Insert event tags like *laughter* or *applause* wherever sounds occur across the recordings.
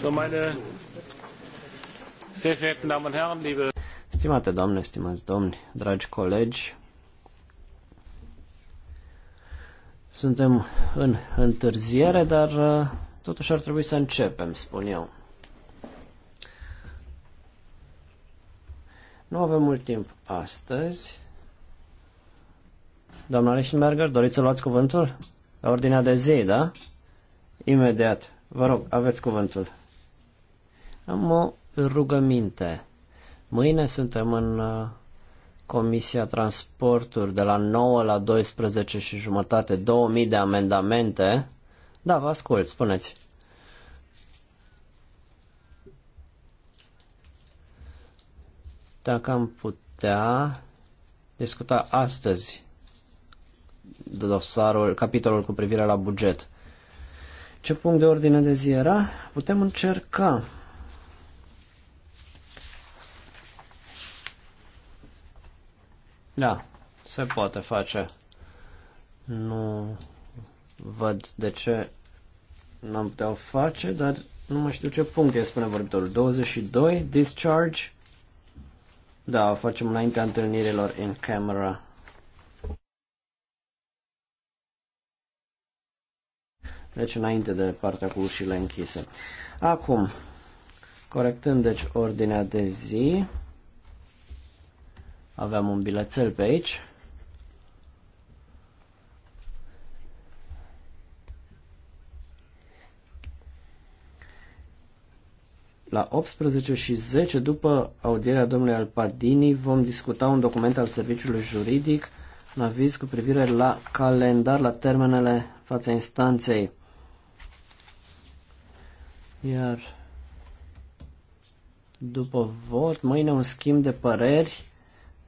So, Stimate doamne, stimați domni, dragi colegi, suntem în întârziere, dar uh, totuși ar trebui să începem, spun eu. Nu avem mult timp astăzi. Doamna Lichtenberger, doriți să luați cuvântul? La ordinea de zi, da? Imediat. Vă rog, aveți cuvântul. Am o rugăminte. Mâine suntem în uh, Comisia Transporturi de la 9 la 12 și jumătate, 2000 de amendamente. Da, vă ascult, spuneți. Dacă am putea discuta astăzi dosarul, capitolul cu privire la buget. Ce punct de ordine de zi era? Putem încerca Da, se poate face. Nu văd de ce n-am putea o face, dar nu mai știu ce punct e, spune vorbitorul. 22, discharge. Da, o facem înaintea întâlnirilor in camera. Deci înainte de partea cu ușile închise. Acum, corectând deci ordinea de zi, Aveam un bilețel pe aici. La 18 și 10, după audierea domnului Alpadini, vom discuta un document al serviciului juridic, un aviz cu privire la calendar, la termenele fața instanței. Iar după vot, mâine un schimb de păreri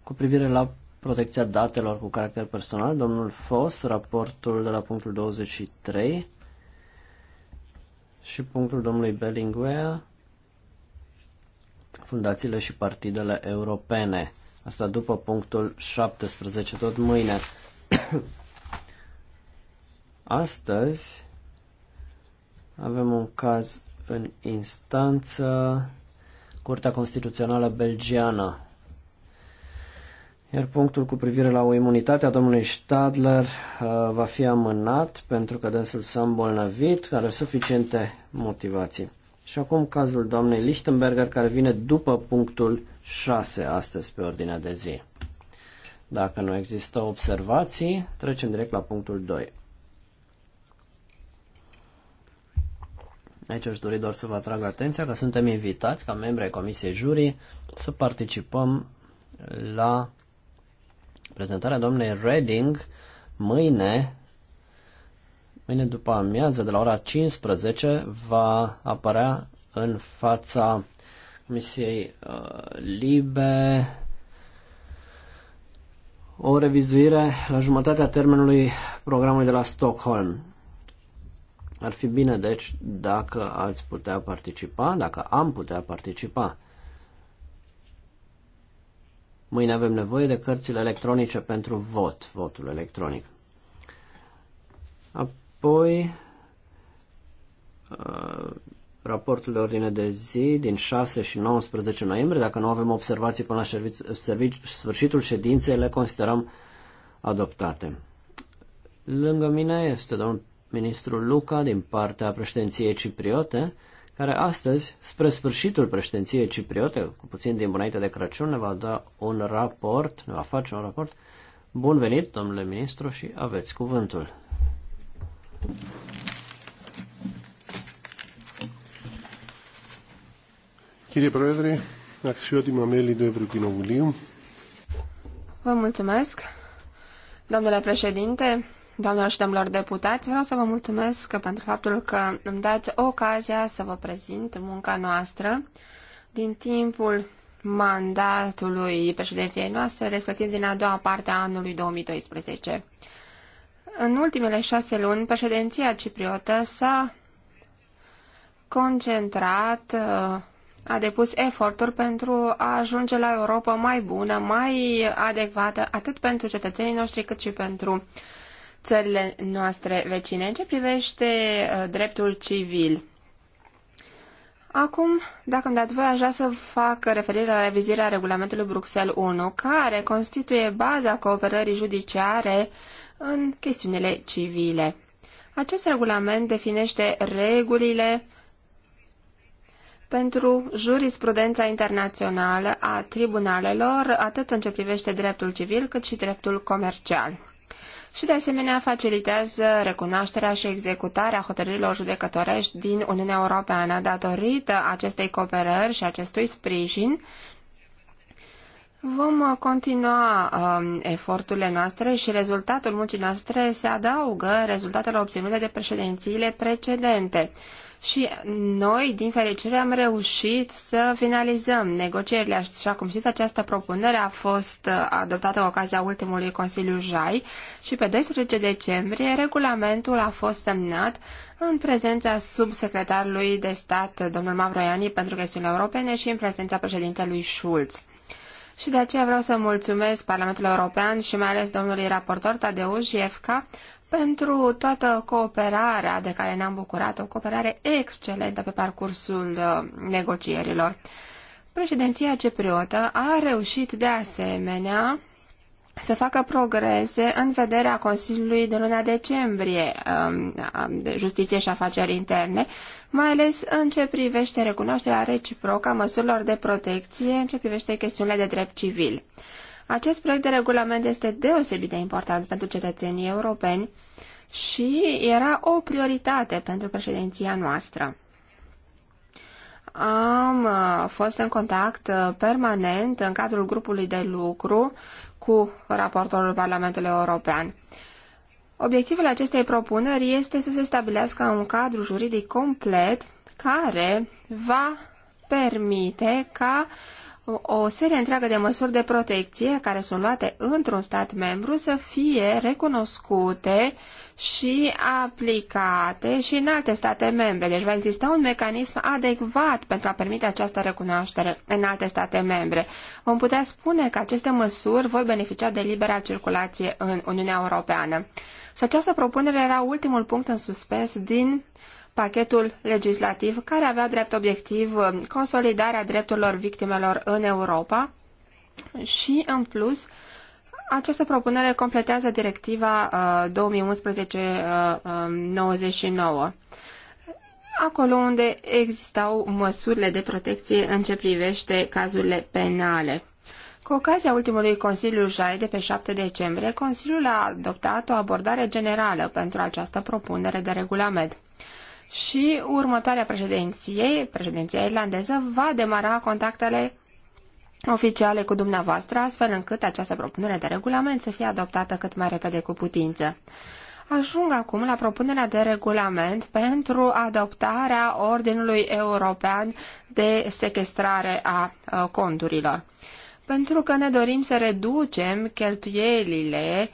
cu privire la protecția datelor cu caracter personal, domnul Fos, raportul de la punctul 23 și punctul domnului Bellinguea, fundațiile și partidele europene. Asta după punctul 17, tot mâine. *coughs* Astăzi avem un caz în instanță, Curtea Constituțională Belgiană. Iar punctul cu privire la o imunitate a domnului Stadler uh, va fi amânat pentru că dânsul s-a îmbolnăvit, are suficiente motivații. Și acum cazul doamnei Lichtenberger care vine după punctul 6 astăzi pe ordinea de zi. Dacă nu există observații, trecem direct la punctul 2. Aici aș dori doar să vă atrag atenția că suntem invitați ca membri ai Comisiei Jurii să participăm la prezentarea domnului Reding mâine, mâine după amiază, de la ora 15, va apărea în fața Comisiei uh, Libe o revizuire la jumătatea termenului programului de la Stockholm. Ar fi bine, deci, dacă ați putea participa, dacă am putea participa. Mâine avem nevoie de cărțile electronice pentru vot, votul electronic. Apoi, uh, raportul de ordine de zi din 6 și 19 noiembrie. Dacă nu avem observații până la sfârșitul ședinței, le considerăm adoptate. Lângă mine este domnul ministru Luca din partea președinției cipriote care astăzi, spre sfârșitul președinției cipriote, cu puțin din înainte de Crăciun, ne va da un raport, ne va face un raport. Bun venit, domnule ministru, și aveți cuvântul. Chirie Proedre, acțiotima meli de Evruchinoviliu. Vă mulțumesc, domnule președinte, Doamnelor și domnilor deputați, vreau să vă mulțumesc pentru faptul că îmi dați ocazia să vă prezint munca noastră din timpul mandatului președinției noastre, respectiv din a doua parte a anului 2012. În ultimele șase luni, președinția cipriotă s-a concentrat, a depus eforturi pentru a ajunge la Europa mai bună, mai adecvată, atât pentru cetățenii noștri cât și pentru uh, țările noastre vecine în ce privește uh, dreptul civil. Acum, dacă îmi dați voi, aș vrea să fac referire la revizirea regulamentului Bruxelles 1, care constituie baza cooperării judiciare în chestiunile civile. Acest regulament definește regulile pentru jurisprudența internațională a tribunalelor, atât în ce privește dreptul civil cât și dreptul comercial și de asemenea facilitează recunoașterea și executarea hotărârilor judecătorești din Uniunea Europeană datorită acestei cooperări și acestui sprijin. Vom continua um, eforturile noastre și rezultatul muncii noastre se adaugă rezultatelor obținute de președințiile precedente și noi, din fericire, am reușit să finalizăm negocierile. Așa cum știți, această propunere a fost uh, adoptată cu ocazia ultimului Consiliu JAI și pe 12 decembrie regulamentul a fost semnat în prezența subsecretarului de stat, domnul Mavroiani, pentru chestiuni europene și în prezența președintelui Schulz. Și de aceea vreau să mulțumesc Parlamentul European și mai ales domnului raportor Tadeusz Jefka pentru toată cooperarea de care ne-am bucurat, o cooperare excelentă pe parcursul uh, negocierilor. Președinția cipriotă a reușit de asemenea să facă progrese în vederea Consiliului de luna decembrie um, um, de Justiție și Afaceri Interne, mai ales în ce privește recunoașterea reciprocă a măsurilor de protecție, în ce privește chestiunile de drept civil. Acest proiect de regulament este deosebit de important pentru cetățenii europeni și era o prioritate pentru președinția noastră. Am uh, fost în contact uh, permanent în cadrul grupului de lucru cu raportorul Parlamentului European. Obiectivul acestei propuneri este să se stabilească un cadru juridic complet care va permite ca uh, o serie întreagă de măsuri de protecție care sunt luate într-un stat membru să fie recunoscute și aplicate și în alte state membre. Deci va exista un mecanism adecvat pentru a permite această recunoaștere în alte state membre. Vom putea spune că aceste măsuri vor beneficia de libera circulație în Uniunea Europeană. Și această propunere era ultimul punct în suspens din pachetul legislativ care avea drept obiectiv uh, consolidarea drepturilor victimelor în Europa și, în plus, această propunere completează directiva uh, 2011-99 uh, um, acolo unde existau măsurile de protecție în ce privește cazurile penale. Cu ocazia ultimului Consiliu JAI de pe 7 decembrie, Consiliul a adoptat o abordare generală pentru această propunere de regulament și următoarea președinție, președinția irlandeză, va demara contactele oficiale cu dumneavoastră, astfel încât această propunere de regulament să fie adoptată cât mai repede cu putință. Ajung acum la propunerea de regulament pentru adoptarea Ordinului European de Sequestrare a Conturilor. Pentru că ne dorim să reducem cheltuielile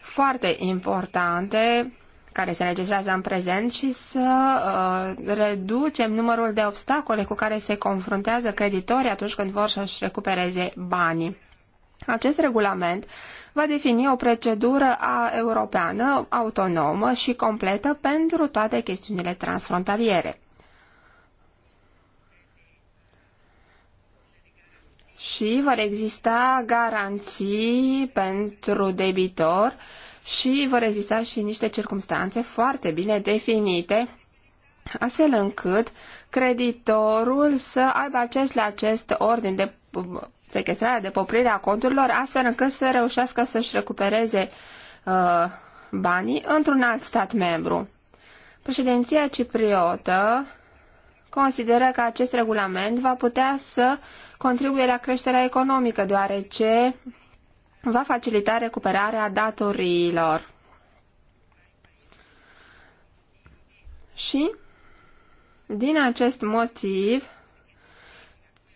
foarte importante care se înregistrează în prezent și să uh, reducem numărul de obstacole cu care se confruntează creditorii atunci când vor să-și recupereze banii. Acest regulament va defini o procedură a europeană autonomă și completă pentru toate chestiunile transfrontaliere. Și vor exista garanții pentru debitor uh, și vor exista și niște circumstanțe foarte bine definite, astfel încât creditorul să aibă acces la acest ordin de sequestrare, de poprire a conturilor, astfel încât să reușească să-și recupereze uh, banii într-un alt stat membru. Președinția cipriotă consideră că acest regulament va putea să contribuie la creșterea economică, deoarece va facilita recuperarea datoriilor. Și, din acest motiv,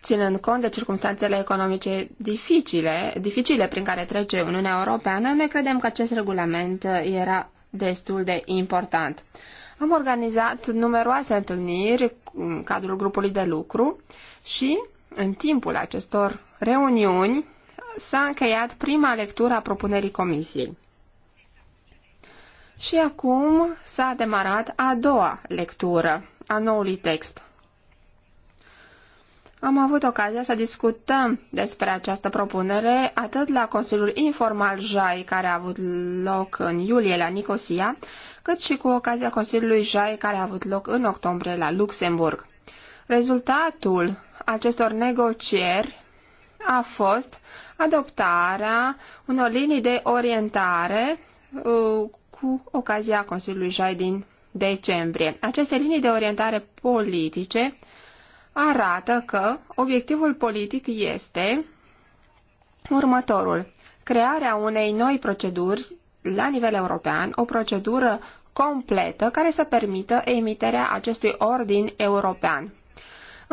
ținând cont de circunstanțele economice dificile, dificile prin care trece Uniunea Europeană, noi credem că acest regulament era destul de important. Am organizat numeroase întâlniri în cadrul grupului de lucru și, în timpul acestor reuniuni, s-a încheiat prima lectură a propunerii comisiei. Și acum s-a demarat a doua lectură a noului text. Am avut ocazia să discutăm despre această propunere atât la Consiliul Informal JAI, care a avut loc în iulie la Nicosia, cât și cu ocazia Consiliului JAI, care a avut loc în octombrie la Luxemburg. Rezultatul acestor negocieri a fost adoptarea unor linii de orientare uh, cu ocazia Consiliului Jai din decembrie. Aceste linii de orientare politice arată că obiectivul politic este următorul. Crearea unei noi proceduri la nivel european, o procedură completă care să permită emiterea acestui ordin european.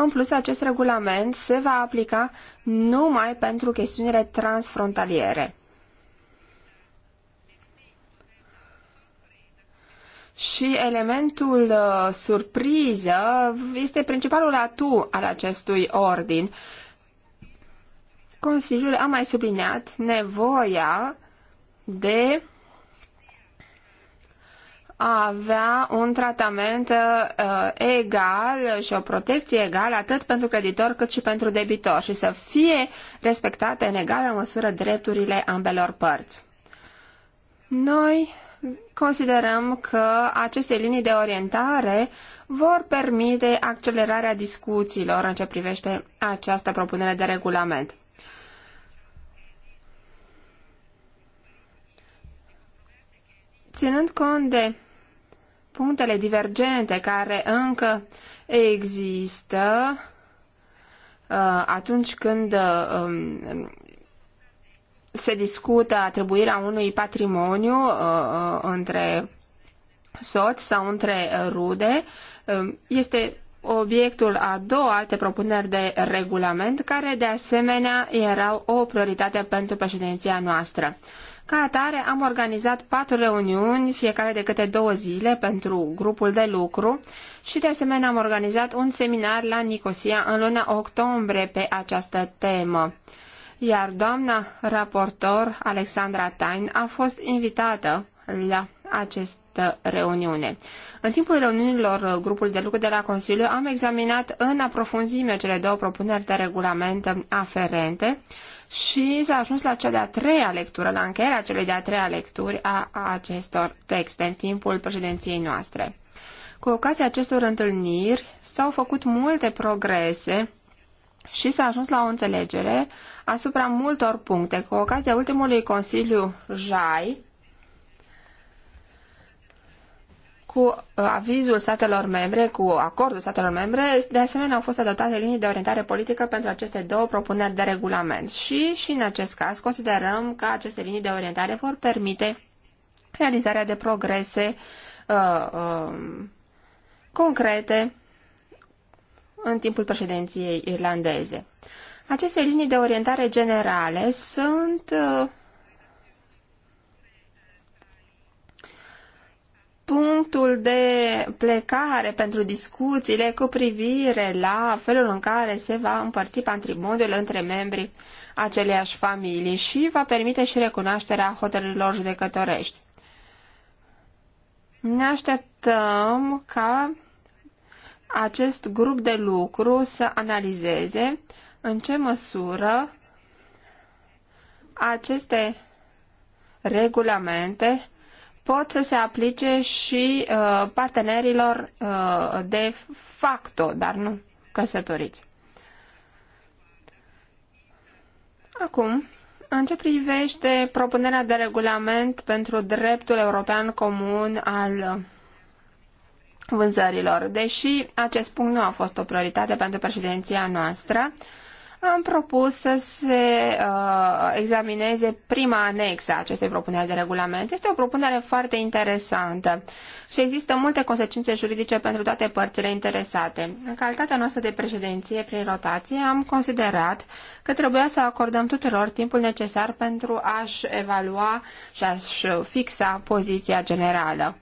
În plus, acest regulament se va aplica numai pentru chestiunile transfrontaliere. Și elementul uh, surpriză este principalul atu al acestui ordin. Consiliul a mai subliniat nevoia de a avea un tratament uh, egal și o protecție egală atât pentru creditor cât și pentru debitor și să fie respectate în egală măsură drepturile ambelor părți. Noi considerăm că aceste linii de orientare vor permite accelerarea discuțiilor în ce privește această propunere de regulament. Ținând cont de punctele divergente care încă există uh, atunci când uh, um, se discută atribuirea unui patrimoniu uh, între soți sau între rude, um, este obiectul a două alte propuneri de regulament, care de asemenea erau o prioritate pentru președinția noastră. Ca atare, am organizat patru reuniuni, fiecare de câte două zile, pentru grupul de lucru și, de asemenea, am organizat un seminar la Nicosia în luna octombrie pe această temă. Iar doamna raportor, Alexandra Tain, a fost invitată la acest această reuniune. În timpul reuniunilor uh, grupului de lucru de la Consiliu am examinat în aprofunzime cele două propuneri de regulament uh, aferente și s-a ajuns la cea de-a treia lectură, la încheierea celei de-a treia lecturi a, a acestor texte în timpul președinției noastre. Cu ocazia acestor întâlniri s-au făcut multe progrese și s-a ajuns la o înțelegere asupra multor puncte. Cu ocazia ultimului Consiliu JAI, cu uh, avizul statelor membre, cu acordul statelor membre, de asemenea au fost adoptate linii de orientare politică pentru aceste două propuneri de regulament și, și în acest caz, considerăm că aceste linii de orientare vor permite realizarea de progrese uh, uh, concrete în timpul președinției irlandeze. Aceste linii de orientare generale sunt uh, punctul de plecare pentru discuțiile cu privire la felul în care se va împărți patrimoniul între membrii aceleiași familii și va permite și recunoașterea hotărârilor judecătorești. Ne așteptăm ca acest grup de lucru să analizeze în ce măsură aceste regulamente pot să se aplice și uh, partenerilor uh, de facto, dar nu căsătoriți. Acum, în ce privește propunerea de regulament pentru dreptul european comun al vânzărilor, deși acest punct nu a fost o prioritate pentru președinția noastră, uh, am propus să se uh, examineze prima anexă a acestei propuneri de regulament. Este o propunere foarte interesantă și există multe consecințe juridice pentru toate părțile interesate. În calitatea noastră de președinție prin rotație am considerat că trebuia să acordăm tuturor timpul necesar pentru a-și evalua și a-și fixa poziția generală.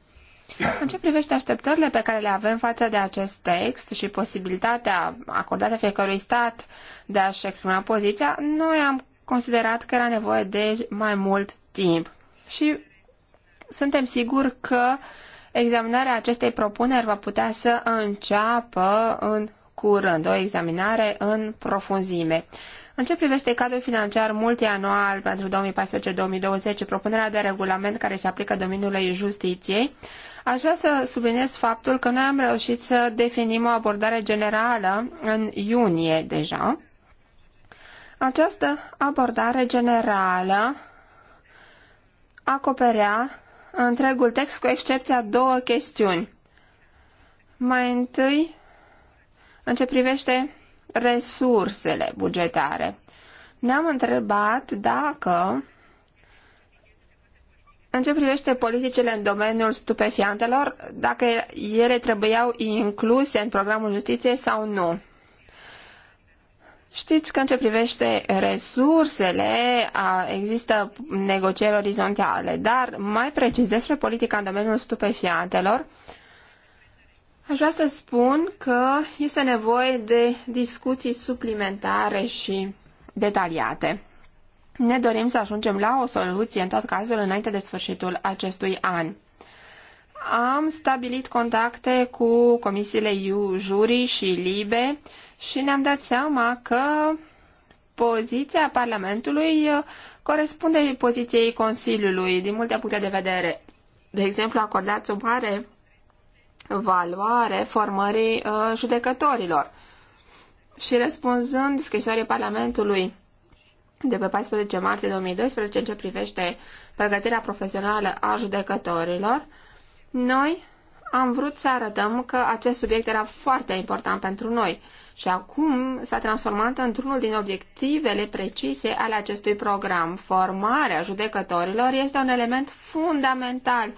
În ce privește așteptările pe care le avem față de acest text și posibilitatea acordată fiecărui stat de a-și exprima poziția, noi am considerat că era nevoie de mai mult timp. Și suntem siguri că examinarea acestei propuneri va putea să înceapă în curând, o examinare în profunzime. În ce privește cadrul financiar multianual pentru 2014-2020, propunerea de regulament care se aplică domeniului justiției, Aș vrea să subliniez faptul că noi am reușit să definim o abordare generală în iunie deja. Această abordare generală acoperea întregul text cu excepția două chestiuni. Mai întâi, în ce privește resursele bugetare. Ne-am întrebat dacă în ce privește politicile în domeniul stupefiantelor, dacă ele trebuiau incluse în programul justiției sau nu. Știți că în ce privește resursele există negocieri orizontale, dar mai precis despre politica în domeniul stupefiantelor, aș vrea să spun că este nevoie de discuții suplimentare și detaliate. Ne dorim să ajungem la o soluție în tot cazul înainte de sfârșitul acestui an. Am stabilit contacte cu comisiile juri și LIBE și ne-am dat seama că poziția Parlamentului corespunde poziției Consiliului din multe puncte de vedere. De exemplu, acordați o mare valoare formării uh, judecătorilor. Și răspunzând scrisorii Parlamentului de pe 14 martie 2012 în ce privește pregătirea profesională a judecătorilor, noi am vrut să arătăm că acest subiect era foarte important pentru noi și acum s-a transformat într-unul din obiectivele precise ale acestui program. Formarea judecătorilor este un element fundamental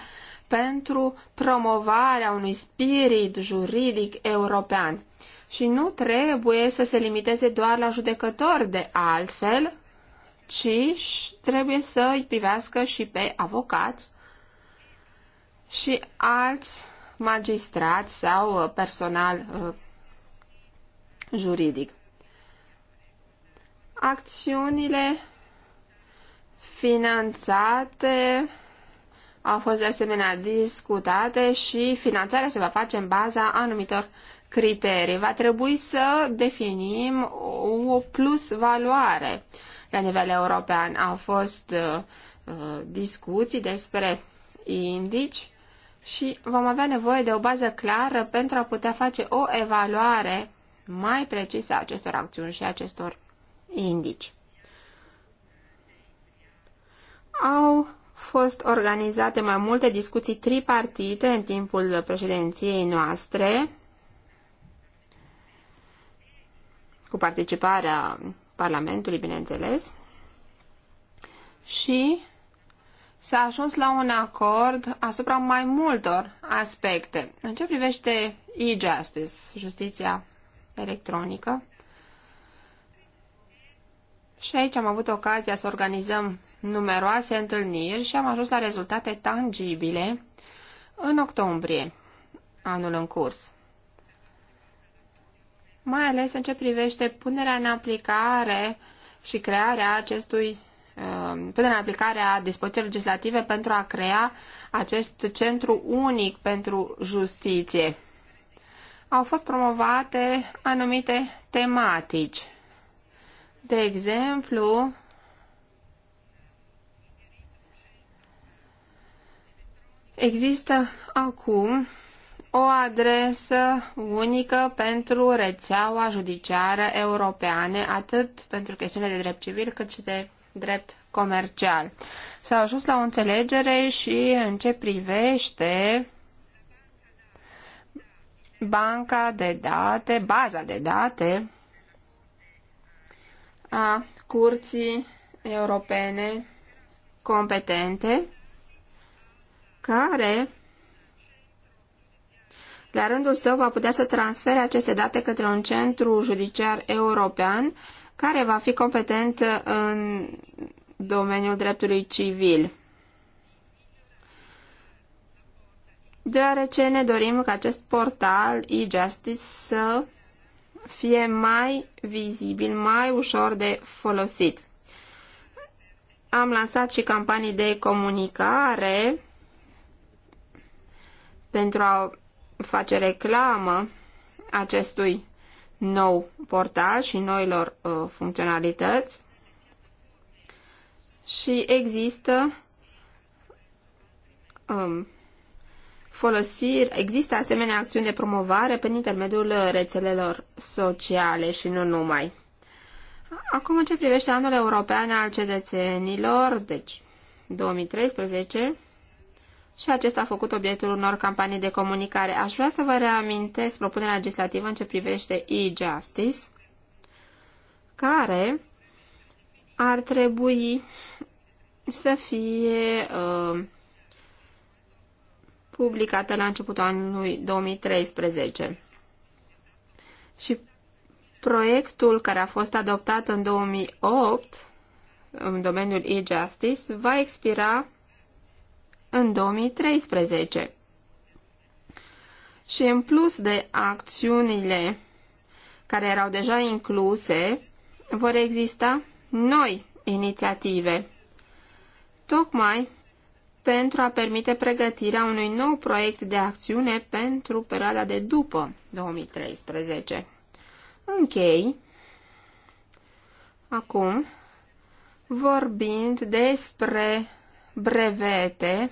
pentru promovarea unui spirit juridic european. Și nu trebuie să se limiteze doar la judecători de altfel, ci trebuie să îi privească și pe avocați și alți magistrați sau uh, personal uh, juridic. Acțiunile finanțate au fost de asemenea discutate și finanțarea se va face în baza anumitor criterii. Va trebui să definim o plus valoare la nivel european. Au fost uh, uh, discuții despre indici și vom avea nevoie de o bază clară pentru a putea face o evaluare mai precisă a acestor acțiuni și acestor indici. Au fost organizate mai multe discuții tripartite în timpul președinției noastre, cu participarea Parlamentului, bineînțeles, și s-a ajuns la un acord asupra mai multor aspecte. În ce privește e-justice, justiția electronică, și aici am avut ocazia să organizăm numeroase întâlniri și am ajuns la rezultate tangibile în octombrie, anul în curs mai ales în ce privește punerea în aplicare și crearea acestui um, punerea în aplicare a dispoziției legislative pentru a crea acest centru unic pentru justiție. Au fost promovate anumite tematici. De exemplu, există acum o adresă unică pentru rețeaua judiciară europeană, atât pentru chestiune de drept civil cât și de drept comercial. S-a ajuns la o înțelegere și în ce privește banca de date, baza de date a curții europene competente care la rândul său va putea să transfere aceste date către un centru judiciar european care va fi competent în domeniul dreptului civil. Deoarece ne dorim ca acest portal e-justice să fie mai vizibil, mai ușor de folosit. Am lansat și campanii de comunicare pentru a face reclamă acestui nou portal și noilor uh, funcționalități și există um, folosiri, există asemenea acțiuni de promovare prin intermediul uh, rețelelor sociale și nu numai. Acum, în ce privește anul european al cetățenilor, deci 2013, și acesta a făcut obiectul unor campanii de comunicare. Aș vrea să vă reamintesc propunerea legislativă în ce privește e-justice, care ar trebui să fie uh, publicată la începutul anului 2013. Și proiectul care a fost adoptat în 2008 în domeniul e-justice va expira în 2013. Și în plus de acțiunile care erau deja incluse, vor exista noi inițiative, tocmai pentru a permite pregătirea unui nou proiect de acțiune pentru perioada de după 2013. Închei acum vorbind despre brevete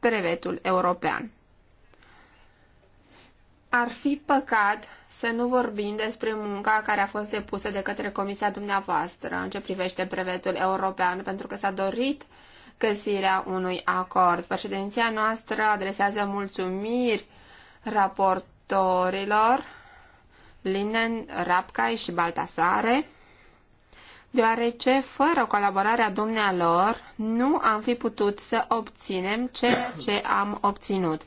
brevetul european. Ar fi păcat să nu vorbim despre munca care a fost depusă de către comisia dumneavoastră în ce privește brevetul european, pentru că s-a dorit găsirea unui acord. Președinția noastră adresează mulțumiri raportorilor Linen, Rapcai și Baltasare deoarece fără colaborarea dumnealor nu am fi putut să obținem ceea ce am obținut.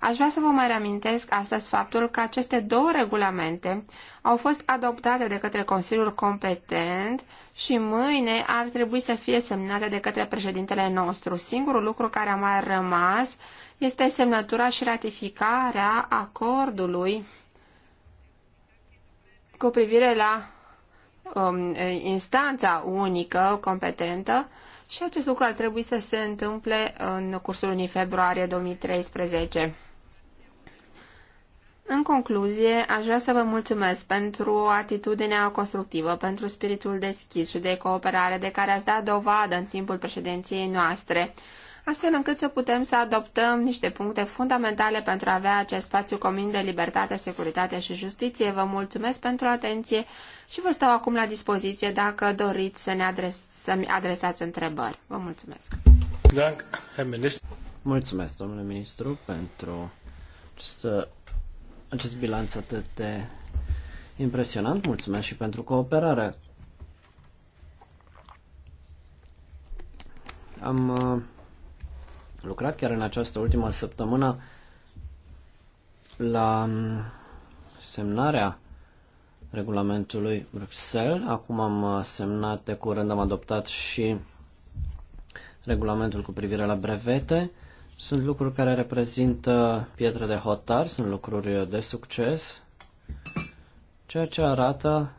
Aș vrea să vă mai reamintesc astăzi faptul că aceste două regulamente au fost adoptate de către Consiliul competent și mâine ar trebui să fie semnate de către președintele nostru. Singurul lucru care a mai rămas este semnătura și ratificarea acordului cu privire la um, instanța unică competentă și acest lucru ar trebui să se întâmple în cursul lunii februarie 2013. În concluzie, aș vrea să vă mulțumesc pentru atitudinea constructivă, pentru spiritul deschis și de cooperare de care ați dat dovadă în timpul președinției noastre astfel încât să putem să adoptăm niște puncte fundamentale pentru a avea acest spațiu comun de libertate, securitate și justiție. Vă mulțumesc pentru atenție și vă stau acum la dispoziție dacă doriți să ne adres- să-mi adresați întrebări. Vă mulțumesc! Mulțumesc, domnule ministru, pentru acest, acest bilanț atât de impresionant. Mulțumesc și pentru cooperare. Am uh, lucrat chiar în această ultimă săptămână la mm, semnarea regulamentului Bruxelles. Acum am uh, semnat de curând, am adoptat și regulamentul cu privire la brevete. Sunt lucruri care reprezintă pietre de hotar, sunt lucruri de succes, ceea ce arată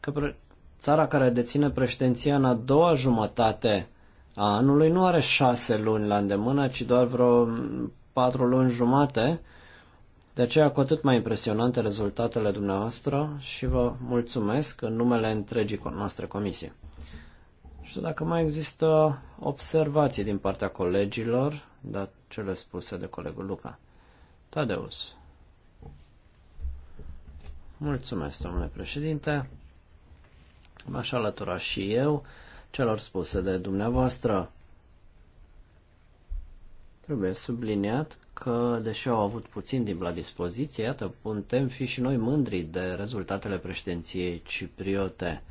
că țara care deține președinția în a doua jumătate a anului nu are șase luni la îndemână, ci doar vreo patru luni jumate. De aceea, cu atât mai impresionante rezultatele dumneavoastră și vă mulțumesc în numele întregii noastre comisie. Nu știu dacă mai există observații din partea colegilor, dar cele spuse de colegul Luca. Tadeus. Mulțumesc, domnule președinte. M-aș alătura și eu celor spuse de dumneavoastră. Trebuie subliniat că, deși au avut puțin timp la dispoziție, iată, putem fi și noi mândri de rezultatele președinției cipriote.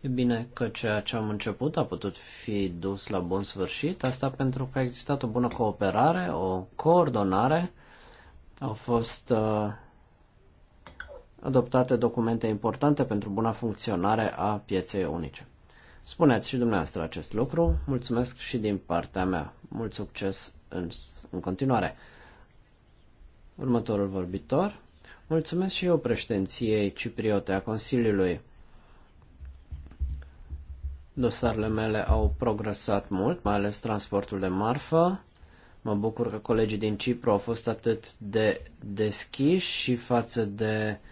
E bine că ceea ce am început a putut fi dus la bun sfârșit, asta pentru că a existat o bună cooperare, o coordonare, au fost uh, adoptate documente importante pentru buna funcționare a pieței unice. Spuneți și dumneavoastră acest lucru, mulțumesc și din partea mea. Mult succes în, în continuare. Următorul vorbitor. Mulțumesc și eu președinției cipriote a Consiliului. Dosarele mele au progresat mult, mai ales transportul de marfă. Mă bucur că colegii din Cipru au fost atât de deschiși și față de uh,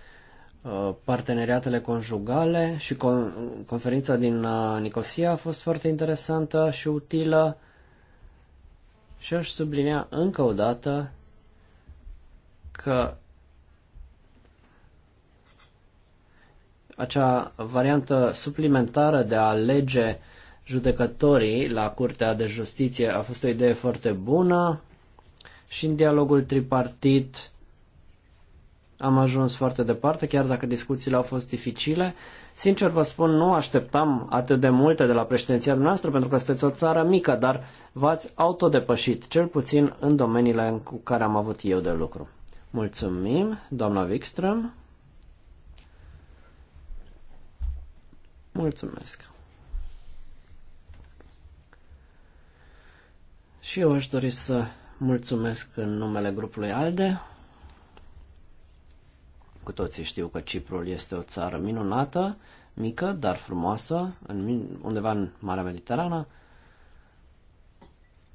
Uh, parteneriatele conjugale și con conferința din uh, Nicosia a fost foarte interesantă și utilă și aș sublinea încă o dată că acea variantă suplimentară de a alege judecătorii la Curtea de Justiție a fost o idee foarte bună și în dialogul tripartit am ajuns foarte departe, chiar dacă discuțiile au fost dificile. Sincer vă spun, nu așteptam atât de multe de la președinția noastră, pentru că sunteți o țară mică, dar v-ați autodepășit, cel puțin în domeniile cu care am avut eu de lucru. Mulțumim, doamna Wikström. Mulțumesc. Și eu aș dori să mulțumesc în numele grupului ALDE cu toții știu că Ciprul este o țară minunată, mică, dar frumoasă, în, undeva în Marea Mediterană.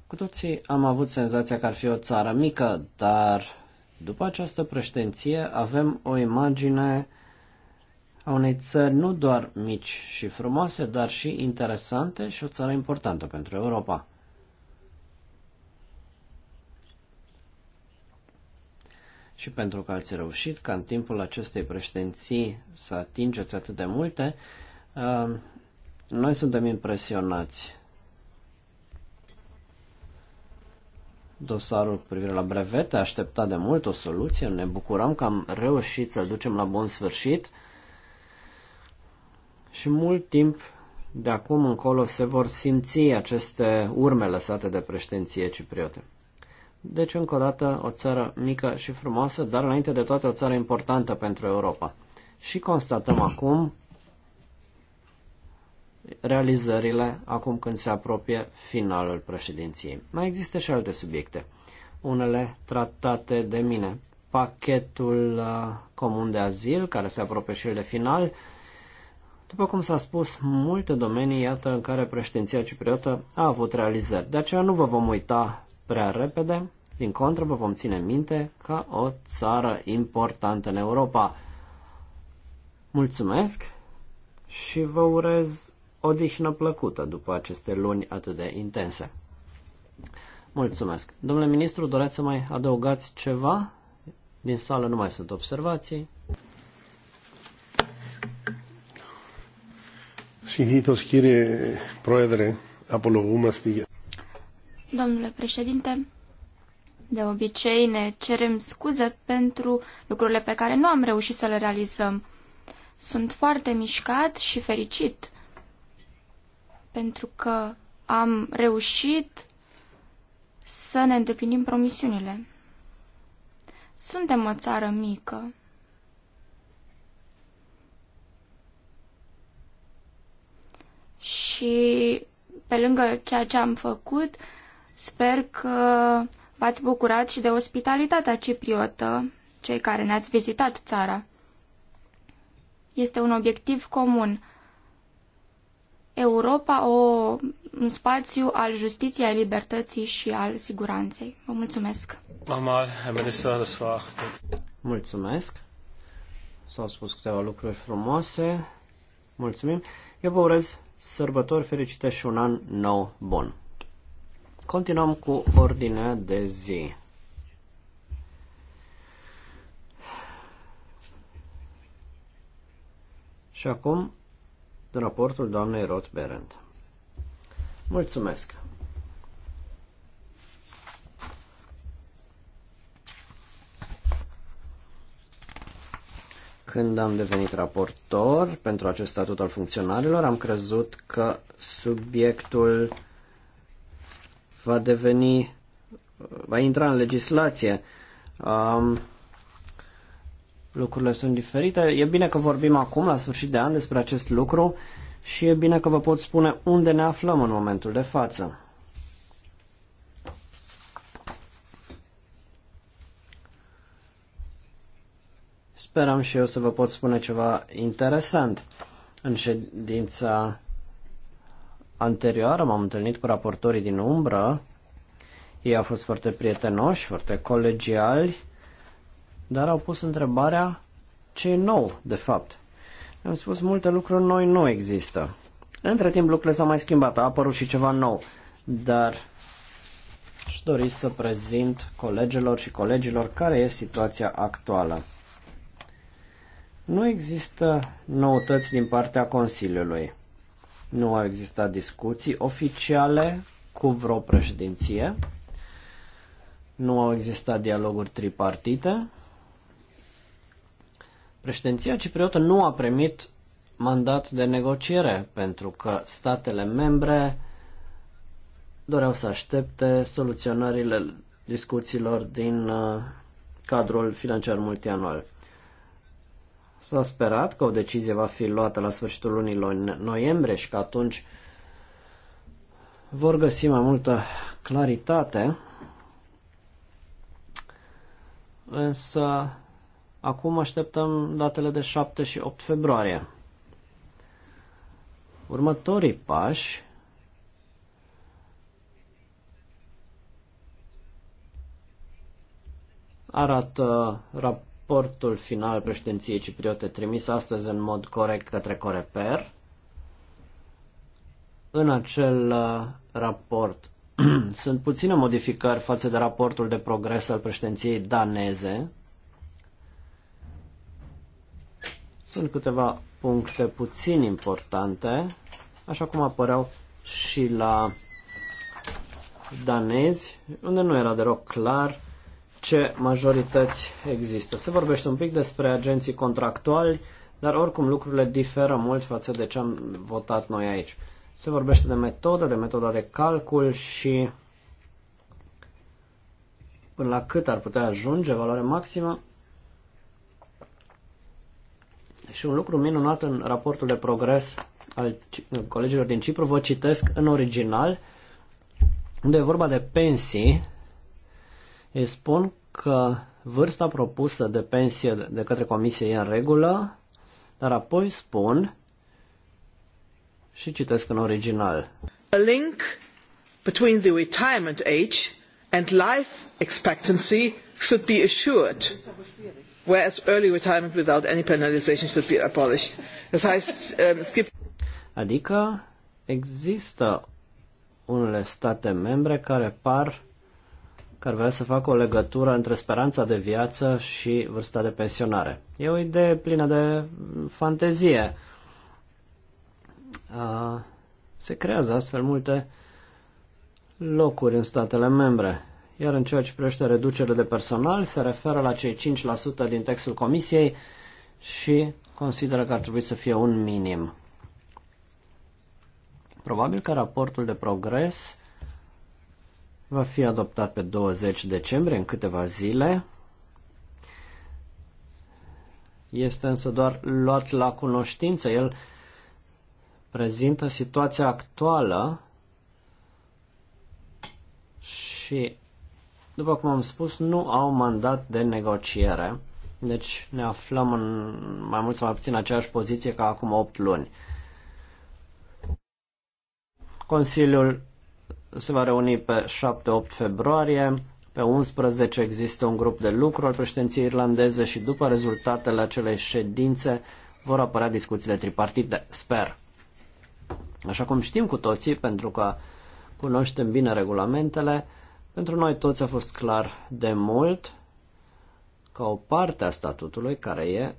Cu toții am avut senzația că ar fi o țară mică, dar după această preștenție avem o imagine a unei țări nu doar mici și frumoase, dar și interesante și o țară importantă pentru Europa. și pentru că ați reușit ca în timpul acestei președinții să atingeți atât de multe. Uh, noi suntem impresionați. Dosarul cu privire la brevete așteptat de mult o soluție. Ne bucurăm că am reușit să-l ducem la bun sfârșit. Și mult timp de acum încolo se vor simți aceste urme lăsate de președinție cipriote. Deci, încă o dată, o țară mică și frumoasă, dar înainte de toate o țară importantă pentru Europa. Și constatăm acum realizările acum când se apropie finalul președinției. Mai există și alte subiecte, unele tratate de mine. Pachetul uh, comun de azil, care se apropie și el de final. După cum s-a spus, multe domenii, iată, în care președinția cipriotă a avut realizări. De aceea nu vă vom uita prea repede. Din contră, vă vom ține minte ca o țară importantă în Europa. Mulțumesc și vă urez o dihnă plăcută după aceste luni atât de intense. Mulțumesc. Domnule ministru, doreți să mai adăugați ceva? Din sală nu mai sunt observații. Sinitos, κύριε Πρόεδρε, apologumă για... Domnule președinte, de obicei ne cerem scuze pentru lucrurile pe care nu am reușit să le realizăm. Sunt foarte mișcat și fericit pentru că am reușit să ne îndeplinim promisiunile. Suntem o țară mică. Și pe lângă ceea ce am făcut, Sper că v-ați bucurat și de ospitalitatea cipriotă, cei care ne-ați vizitat țara. Este un obiectiv comun. Europa o, un spațiu al justiției, al libertății și al siguranței. Vă mulțumesc! Mulțumesc! S-au spus câteva lucruri frumoase. Mulțumim! Eu vă urez sărbători fericite și un an nou bun! Continuăm cu ordinea de zi. Și acum raportul doamnei Roth Berend. Mulțumesc! când am devenit raportor pentru acest statut al funcționarilor, am crezut că subiectul va deveni, va intra în legislație. Um, lucrurile sunt diferite. E bine că vorbim acum, la sfârșit de an, despre acest lucru și e bine că vă pot spune unde ne aflăm în momentul de față. Speram și eu să vă pot spune ceva interesant. În ședința anterioară m-am întâlnit cu raportorii din umbră. Ei au fost foarte prietenoși, foarte colegiali, dar au pus întrebarea ce e nou, de fapt. Am spus multe lucruri noi nu există. Între timp lucrurile s-au mai schimbat, a apărut și ceva nou, dar aș dori să prezint colegilor și colegilor care e situația actuală. Nu există noutăți din partea Consiliului nu au existat discuții oficiale cu vreo președinție, nu au existat dialoguri tripartite. Președinția cipriotă nu a primit mandat de negociere pentru că statele membre doreau să aștepte soluționările discuțiilor din uh, cadrul financiar multianual. S-a sperat că o decizie va fi luată la sfârșitul lunii noiembrie și că atunci vor găsi mai multă claritate, însă acum așteptăm datele de 7 și 8 februarie. Următorii pași arată rap raportul final președinției cipriote trimis astăzi în mod corect către Coreper. În acel uh, raport *clears throat* sunt puține modificări față de raportul de progres al președinției daneze. Sunt câteva puncte puțin importante, așa cum apăreau și la danezi, unde nu era deloc clar ce majorități există. Se vorbește un pic despre agenții contractuali, dar oricum lucrurile diferă mult față de ce am votat noi aici. Se vorbește de metodă, de metoda de calcul și până la cât ar putea ajunge valoare maximă. Și un lucru minunat în raportul de progres al colegilor din Cipru, vă citesc în original, unde e vorba de pensii, îi spun că vârsta propusă de pensie de către comisie e în regulă, dar apoi spun și citesc în original. A link between the retirement age and life expectancy should be assured, whereas early retirement without any penalization should be abolished. Das heißt, um, adică există unele state membre care par care vrea să facă o legătură între speranța de viață și vârsta de pensionare. E o idee plină de fantezie. Se creează astfel multe locuri în statele membre. Iar în ceea ce privește reducerea de personal, se referă la cei 5% din textul comisiei și consideră că ar trebui să fie un minim. Probabil că raportul de progres va fi adoptat pe 20 decembrie, în câteva zile. Este însă doar luat la cunoștință. El prezintă situația actuală și, după cum am spus, nu au mandat de negociere. Deci ne aflăm în mai mult sau mai puțin aceeași poziție ca acum 8 luni. Consiliul se va reuni pe 7-8 februarie. Pe 11 există un grup de lucru al președinției irlandeze și după rezultatele acelei ședințe vor apărea discuțiile tripartite, sper. Așa cum știm cu toții, pentru că cunoaștem bine regulamentele, pentru noi toți a fost clar de mult ca o parte a statutului, care e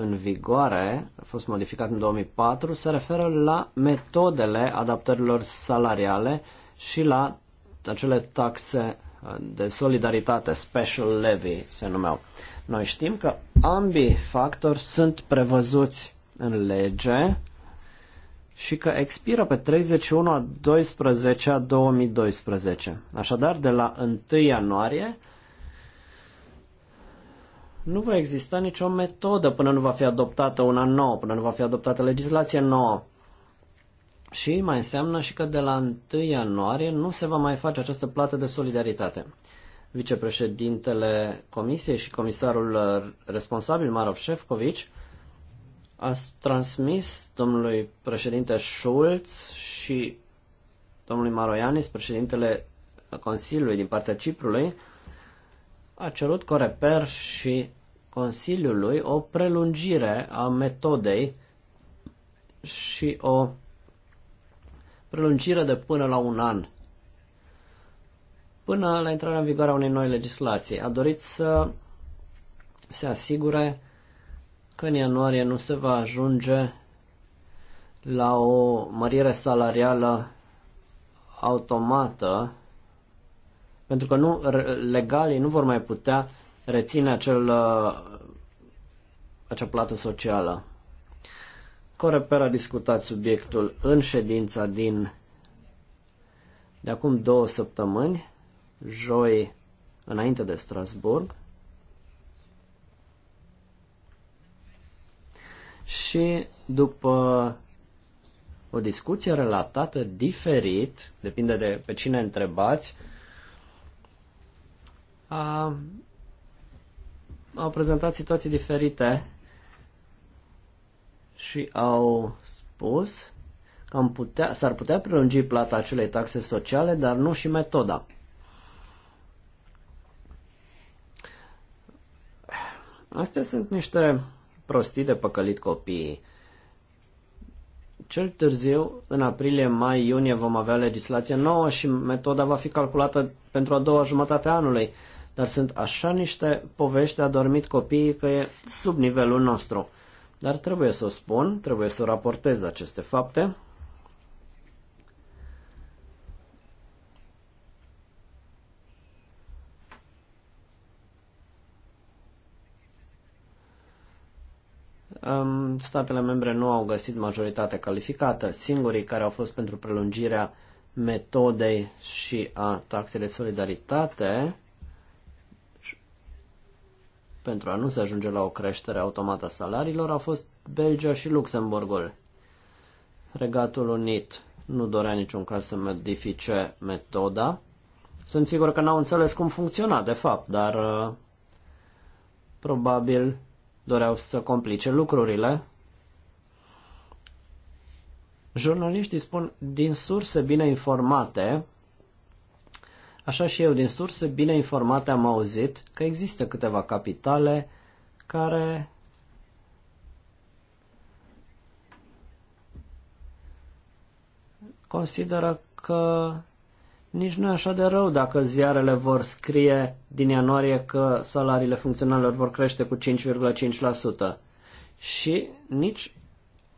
în vigoare, a fost modificat în 2004, se referă la metodele adaptărilor salariale și la acele taxe uh, de solidaritate, special levy se numeau. Noi știm că ambii factori sunt prevăzuți în lege și că expiră pe 31 a 12 a 2012. Așadar, de la 1 ianuarie nu va exista nicio metodă până nu va fi adoptată una nouă, până nu va fi adoptată legislație nouă. Și mai înseamnă și că de la 1 ianuarie nu se va mai face această plată de solidaritate. Vicepreședintele Comisiei și comisarul uh, responsabil, Marov Șefcovici, a transmis domnului președinte Schulz și domnului Maroianis, președintele Consiliului din partea Ciprului, a cerut Coreper și Consiliului o prelungire a metodei și o prelungire de până la un an până la intrarea în vigoare a unei noi legislații. A dorit să se asigure că în ianuarie nu se va ajunge la o mărire salarială automată pentru că nu, legalii nu vor mai putea reține acel, uh, acea plată socială. Coreper a discutat subiectul în ședința din de acum două săptămâni, joi înainte de Strasburg. Și după o discuție relatată diferit, depinde de pe cine întrebați, a, au prezentat situații diferite și au spus că am putea, s-ar putea prelungi plata acelei taxe sociale, dar nu și metoda. Astea sunt niște prostii de păcălit copiii. Cel târziu, în aprilie, mai, iunie, vom avea legislație nouă și metoda va fi calculată pentru a doua jumătate a anului dar sunt așa niște povești de adormit copiii că e sub nivelul nostru. Dar trebuie să o spun, trebuie să raportez aceste fapte. Statele membre nu au găsit majoritate calificată. Singurii care au fost pentru prelungirea metodei și a taxei de solidaritate pentru a nu se ajunge la o creștere automată a salariilor au fost Belgia și Luxemburgul. Regatul Unit nu dorea niciun caz să modifice metoda. Sunt sigur că n-au înțeles cum funcționa, de fapt, dar uh, probabil doreau să complice lucrurile. Jurnaliștii spun din surse bine informate Așa și eu, din surse bine informate, am auzit că există câteva capitale care consideră că nici nu e așa de rău dacă ziarele vor scrie din ianuarie că salariile funcționarilor vor crește cu 5,5%. Și nici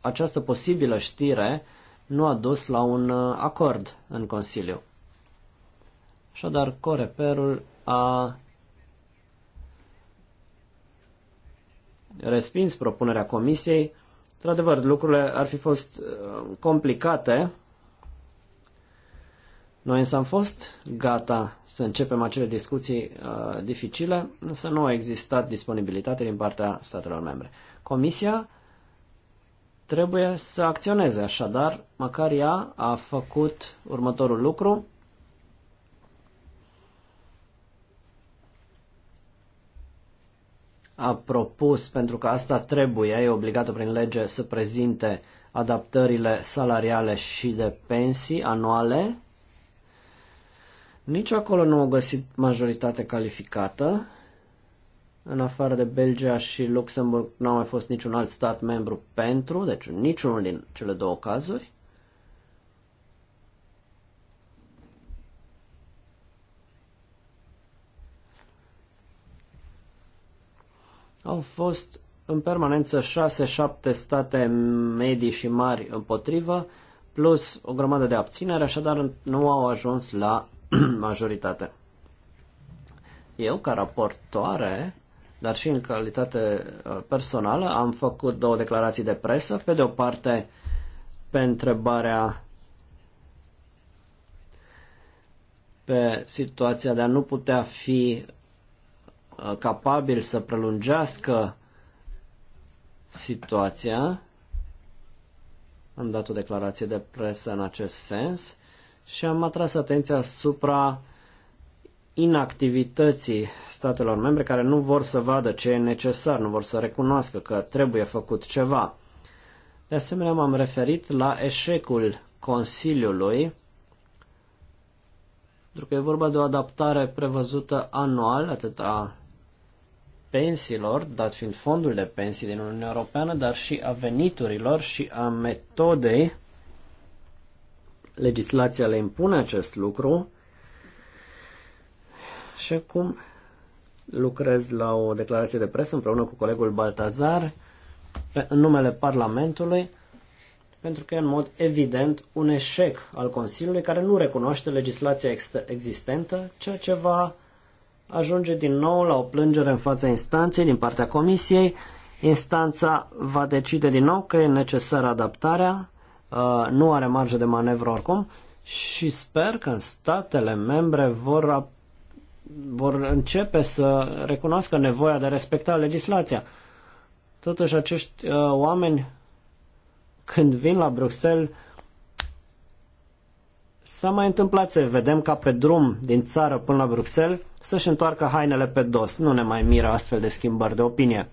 această posibilă știre nu a dus la un uh, acord în Consiliu. Așadar, Coreperul a respins propunerea comisiei. Într-adevăr, lucrurile ar fi fost uh, complicate. Noi însă am fost gata să începem acele discuții uh, dificile, însă nu a existat disponibilitate din partea statelor membre. Comisia trebuie să acționeze, așadar, măcar ea a făcut următorul lucru, a propus, pentru că asta trebuie, e obligată prin lege să prezinte adaptările salariale și de pensii anuale. Nici acolo nu au găsit majoritate calificată. În afară de Belgia și Luxemburg nu a mai fost niciun alt stat membru pentru, deci niciunul din cele două cazuri. Au fost în permanență 6-7 state medii și mari împotrivă, plus o grămadă de abținere, așadar nu au ajuns la *clears throat* majoritate. Eu, ca raportoare, dar și în calitate uh, personală, am făcut două declarații de presă. Pe de o parte, pe întrebarea pe situația de a nu putea fi Uh, capabil să prelungească situația. Am dat o declarație de presă în acest sens și am atras atenția asupra inactivității statelor membre care nu vor să vadă ce e necesar, nu vor să recunoască că trebuie făcut ceva. De asemenea, m-am referit la eșecul Consiliului, pentru că e vorba de o adaptare prevăzută anual, atât a pensiilor, dat fiind fondul de pensii din Uniunea Europeană, dar și a veniturilor și a metodei. Legislația le impune acest lucru și acum lucrez la o declarație de presă împreună cu colegul Baltazar pe, în numele Parlamentului pentru că e în mod evident un eșec al Consiliului care nu recunoaște legislația existentă, ceea ce va ajunge din nou la o plângere în fața instanței din partea comisiei. Instanța va decide din nou că e necesară adaptarea, uh, nu are marge de manevră oricum și sper că statele membre vor, vor începe să recunoască nevoia de a respecta legislația. Totuși acești uh, oameni când vin la Bruxelles S-a mai întâmplat să vedem ca pe drum din țară până la Bruxelles să-și întoarcă hainele pe dos. Nu ne mai miră astfel de schimbări de opinie.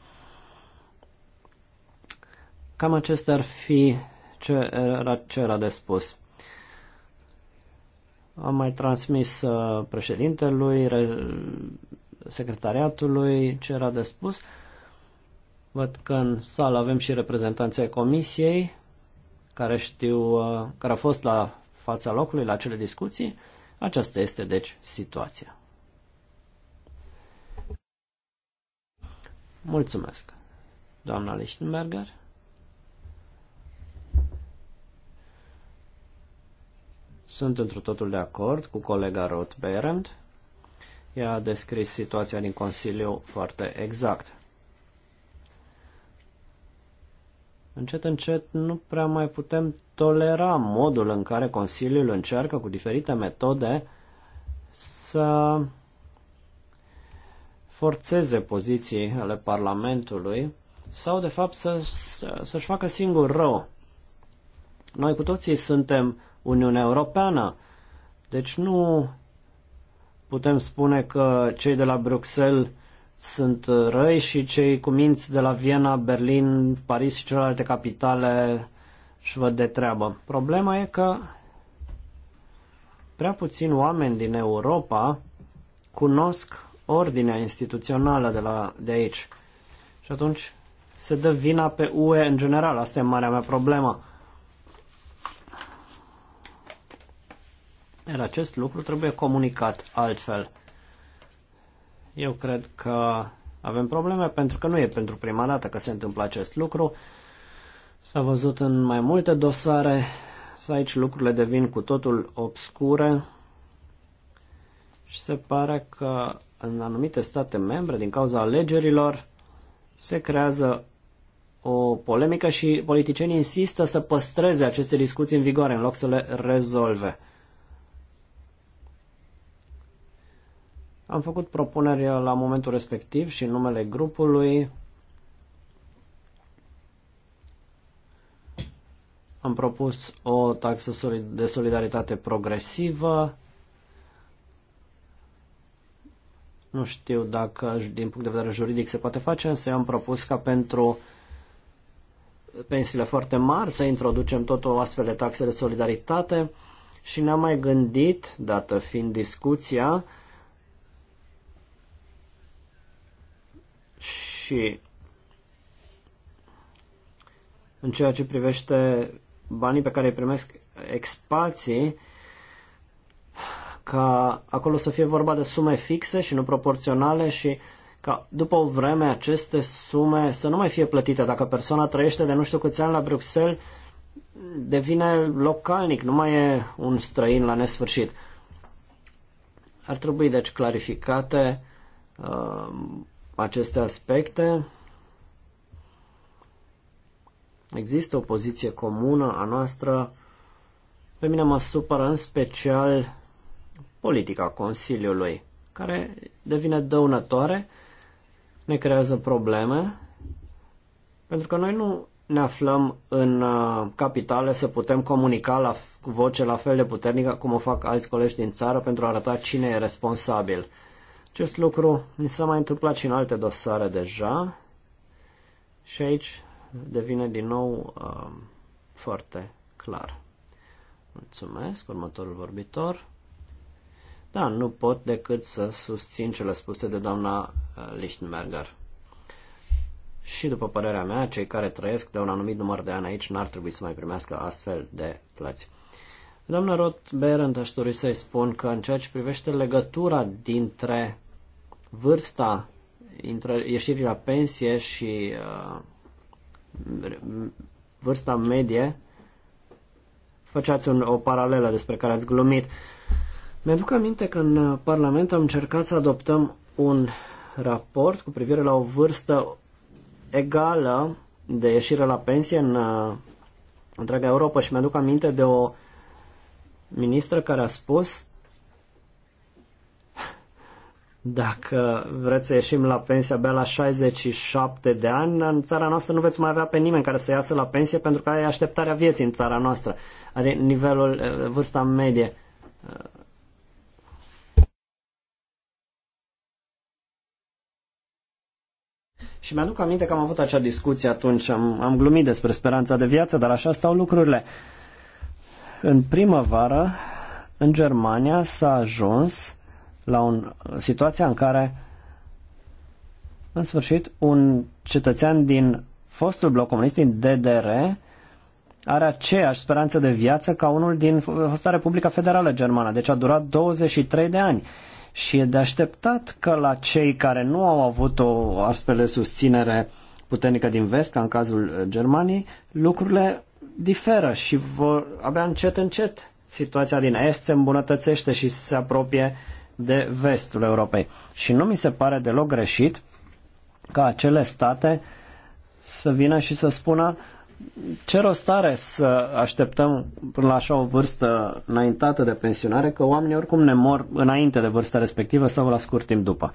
Cam acestea ar fi ce era, ce era de spus. Am mai transmis uh, președintelui, secretariatului ce era de spus. Văd că în sală avem și reprezentanții comisiei care știu, uh, care a fost la fața locului la acele discuții. Aceasta este, deci, situația. Mulțumesc, doamna Lichtenberger. Sunt într totul de acord cu colega Roth Berend. Ea a descris situația din Consiliu foarte exact. încet, încet nu prea mai putem tolera modul în care Consiliul încearcă cu diferite metode să forțeze poziții ale Parlamentului sau, de fapt, să, să, să-și facă singur rău. Noi cu toții suntem Uniunea Europeană, deci nu putem spune că cei de la Bruxelles sunt uh, răi și cei cu minți de la Viena, Berlin, Paris și celelalte capitale și văd de treabă. Problema e că prea puțini oameni din Europa cunosc ordinea instituțională de, la, de aici. Și atunci se dă vina pe UE în general. Asta e marea mea problemă. Iar acest lucru trebuie comunicat altfel. Eu cred că avem probleme pentru că nu e pentru prima dată că se întâmplă acest lucru. S-a văzut în mai multe dosare, să aici lucrurile devin cu totul obscure și se pare că în anumite state membre, din cauza alegerilor, se creează o polemică și politicienii insistă să păstreze aceste discuții în vigoare în loc să le rezolve. Am făcut propuneri la momentul respectiv și în numele grupului. Am propus o taxă de solidaritate progresivă. Nu știu dacă din punct de vedere juridic se poate face, însă eu am propus ca pentru pensiile foarte mari să introducem tot o astfel de taxe de solidaritate și ne-am mai gândit, dată fiind discuția, Și în ceea ce privește banii pe care îi primesc expații, ca acolo să fie vorba de sume fixe și nu proporționale și ca după o vreme aceste sume să nu mai fie plătite. Dacă persoana trăiește de nu știu câți ani la Bruxelles, devine localnic, nu mai e un străin la nesfârșit. Ar trebui deci clarificate uh, aceste aspecte. Există o poziție comună a noastră. Pe mine mă supără în special politica Consiliului, care devine dăunătoare, ne creează probleme, pentru că noi nu ne aflăm în uh, capitale să putem comunica la, voce la fel de puternică cum o fac alți colegi din țară pentru a arăta cine e responsabil. Acest lucru ni s-a mai întâmplat și în alte dosare deja și aici devine din nou um, foarte clar. Mulțumesc, următorul vorbitor. Da, nu pot decât să susțin cele spuse de doamna uh, Lichtenberger. Și după părerea mea, cei care trăiesc de un anumit număr de ani aici n-ar trebui să mai primească astfel de plăți. Doamna Roth Berend, aș dori să-i spun că în ceea ce privește legătura dintre vârsta ieșirii la pensie și uh, vârsta medie, făceați un, o paralelă despre care ați glumit. Mi-aduc aminte că în Parlament am încercat să adoptăm un raport cu privire la o vârstă egală de ieșire la pensie în uh, întreaga Europa și mi-aduc aminte de o ministră care a spus dacă vreți să ieșim la pensie abia la 67 de ani, în țara noastră nu veți mai avea pe nimeni care să iasă la pensie pentru că e așteptarea vieții în țara noastră. Adică nivelul, eh, vârsta medie. Eh. Și mi-aduc aminte că am avut acea discuție atunci, am, am glumit despre speranța de viață, dar așa stau lucrurile. Uh, în primăvară, în Germania, s-a ajuns la un, situația în care, în sfârșit, un cetățean din fostul bloc comunist, din DDR, are aceeași speranță de viață ca unul din fosta Republica Federală Germană. Deci a durat 23 de ani. Și e de așteptat că la cei care nu au avut o astfel de susținere puternică din vest, ca în cazul Germaniei, lucrurile diferă și vor, abia încet, încet situația din Est se îmbunătățește și se apropie de vestul Europei. Și nu mi se pare deloc greșit ca acele state să vină și să spună ce rost are să așteptăm până la așa o vârstă înaintată de pensionare, că oamenii oricum ne mor înainte de vârsta respectivă sau la scurt timp după.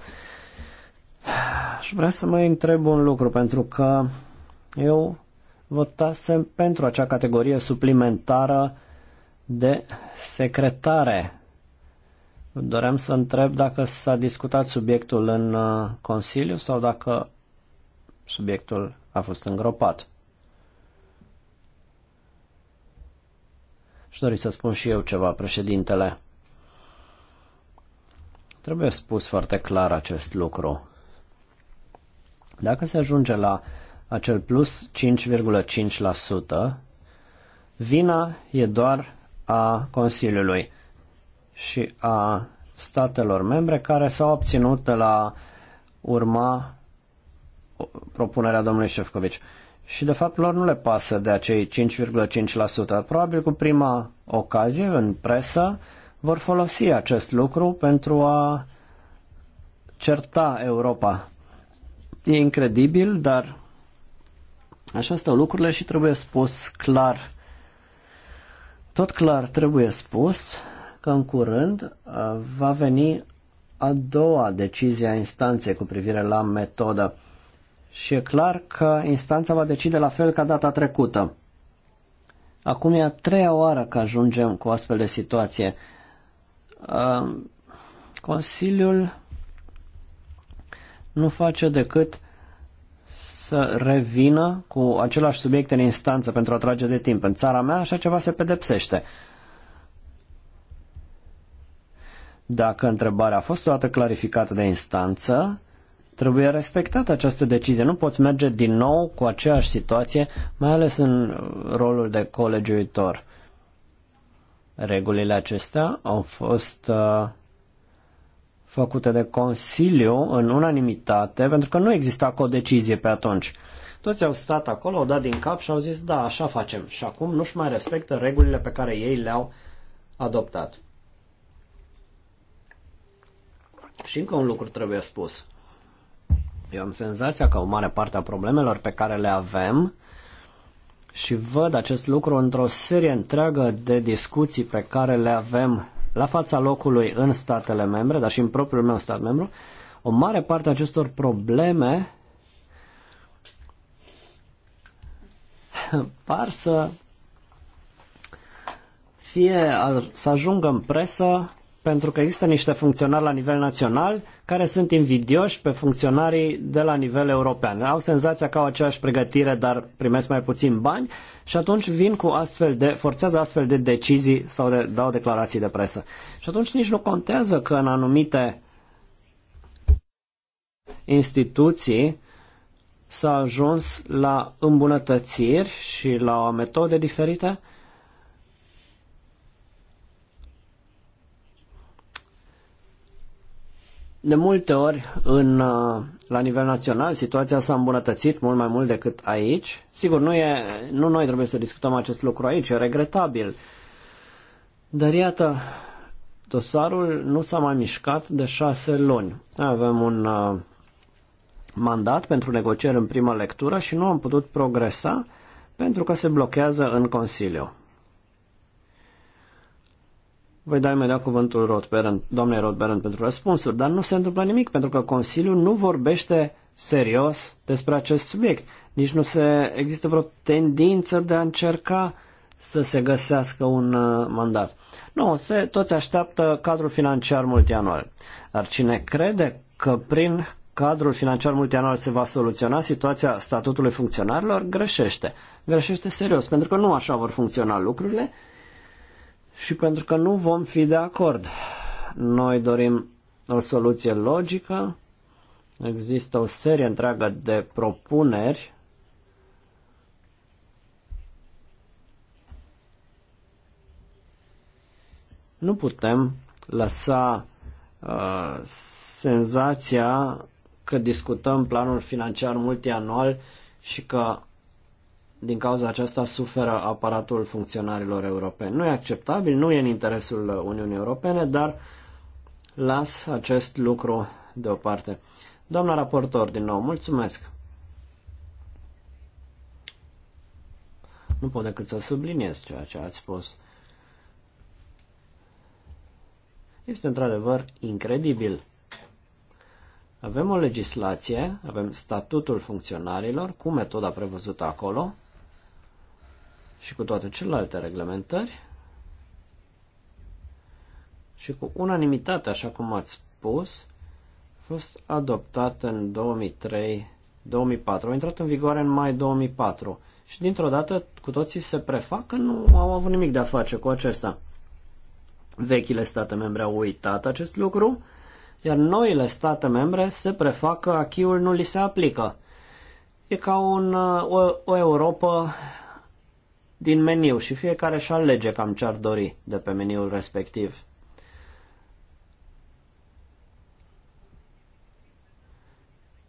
Și vreau să mă întreb un lucru, pentru că eu votasem pentru acea categorie suplimentară de secretare. Doream să întreb dacă s-a discutat subiectul în uh, Consiliu sau dacă subiectul a fost îngropat. Și dori să spun și eu ceva, președintele. Trebuie spus foarte clar acest lucru. Dacă se ajunge la acel plus 5,5%, vina e doar a Consiliului și a statelor membre care s-au obținut de la urma propunerea domnului Șefcovici. Și de fapt lor nu le pasă de acei 5,5%. Probabil cu prima ocazie în presă vor folosi acest lucru pentru a certa Europa. E incredibil, dar Așa stau lucrurile și trebuie spus clar. Tot clar trebuie spus că în curând uh, va veni a doua decizie a instanței cu privire la metodă. Și e clar că instanța va decide la fel ca data trecută. Acum e a treia oară că ajungem cu astfel de situație. Uh, Consiliul nu face decât să revină cu același subiect în instanță pentru a trage de timp. În țara mea așa ceva se pedepsește. Dacă întrebarea a fost o dată clarificată de instanță, trebuie respectată această decizie. Nu poți merge din nou cu aceeași situație, mai ales în rolul de colegiuitor. Regulile acestea au fost uh, făcute de Consiliu în unanimitate, pentru că nu exista codecizie pe atunci. Toți au stat acolo, au dat din cap și au zis, da, așa facem. Și acum nu-și mai respectă regulile pe care ei le-au adoptat. Și încă un lucru trebuie spus. Eu am senzația că o mare parte a problemelor pe care le avem și văd acest lucru într-o serie întreagă de discuții pe care le avem la fața locului în statele membre, dar și în propriul meu stat membru, o mare parte a acestor probleme par să fie să ajungă în presă pentru că există niște funcționari la nivel național care sunt invidioși pe funcționarii de la nivel european. Au senzația că au aceeași pregătire, dar primesc mai puțin bani și atunci vin cu astfel de, forțează astfel de decizii sau de, dau declarații de presă. Și atunci nici nu contează că în anumite instituții s-a ajuns la îmbunătățiri și la o metode diferite, De multe ori, în, uh, la nivel național, situația s-a îmbunătățit mult mai mult decât aici. Sigur, nu, e, nu noi trebuie să discutăm acest lucru aici, e regretabil. Dar iată, dosarul nu s-a mai mișcat de șase luni. Avem un uh, mandat pentru negocieri în prima lectură și nu am putut progresa pentru că se blochează în Consiliu. Voi da imediat cuvântul Rotberend, doamnei Rotberend pentru răspunsuri, dar nu se întâmplă nimic, pentru că Consiliul nu vorbește serios despre acest subiect. Nici nu se există vreo tendință de a încerca să se găsească un uh, mandat. Nu, se, toți așteaptă cadrul financiar multianual. Dar cine crede că prin cadrul financiar multianual se va soluționa situația statutului funcționarilor, greșește. Greșește serios, pentru că nu așa vor funcționa lucrurile și pentru că nu vom fi de acord. Noi dorim o soluție logică, există o serie întreagă de propuneri Nu putem lăsa uh, senzația că discutăm planul financiar multianual și că din cauza aceasta suferă aparatul funcționarilor europeni. Nu e acceptabil, nu e în interesul Uniunii Europene, dar las acest lucru deoparte. Doamna raportor, din nou, mulțumesc! Nu pot decât să subliniez ceea ce ați spus. Este într-adevăr incredibil. Avem o legislație, avem statutul funcționarilor cu metoda prevăzută acolo, și cu toate celelalte reglementări și cu unanimitate, așa cum ați spus, a fost adoptat în 2003 2004. a intrat în vigoare în mai 2004 și dintr-o dată cu toții se prefac că nu au avut nimic de a face cu acesta. Vechile state membre au uitat acest lucru, iar noile state membre se prefac că achiul nu li se aplică. E ca un, uh, o, o Europa din meniu și fiecare și alege cam ce ar dori de pe meniul respectiv.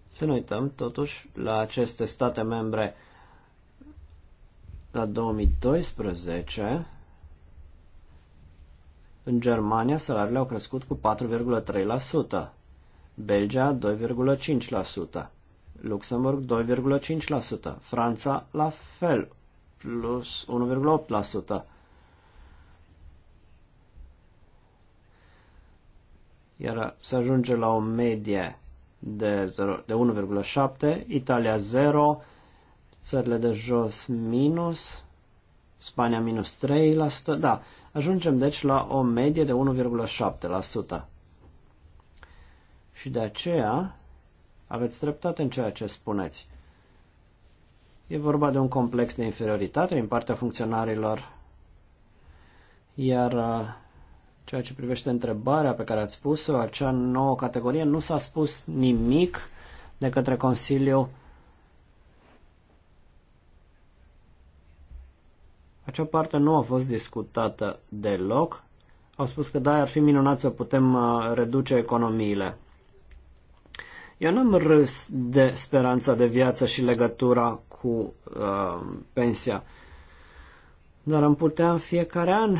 Să nu uităm totuși la aceste state membre la 2012 în Germania salariile au crescut cu 4,3%, Belgia 2,5%, Luxemburg 2,5%, Franța la fel, plus 1,8%. Iar se ajunge la o medie de, 0, de 1,7, Italia 0, țările de jos minus, Spania minus 3%, da, ajungem deci la o medie de 1,7%. Și de aceea aveți dreptate în ceea ce spuneți. E vorba de un complex de inferioritate din partea funcționarilor, iar uh, ceea ce privește întrebarea pe care ați pus-o, acea nouă categorie, nu s-a spus nimic de către Consiliu Acea parte nu a fost discutată deloc. Au spus că da, ar fi minunat să putem uh, reduce economiile. Eu n-am râs de speranța de viață și legătura cu uh, pensia. Dar am putea în fiecare an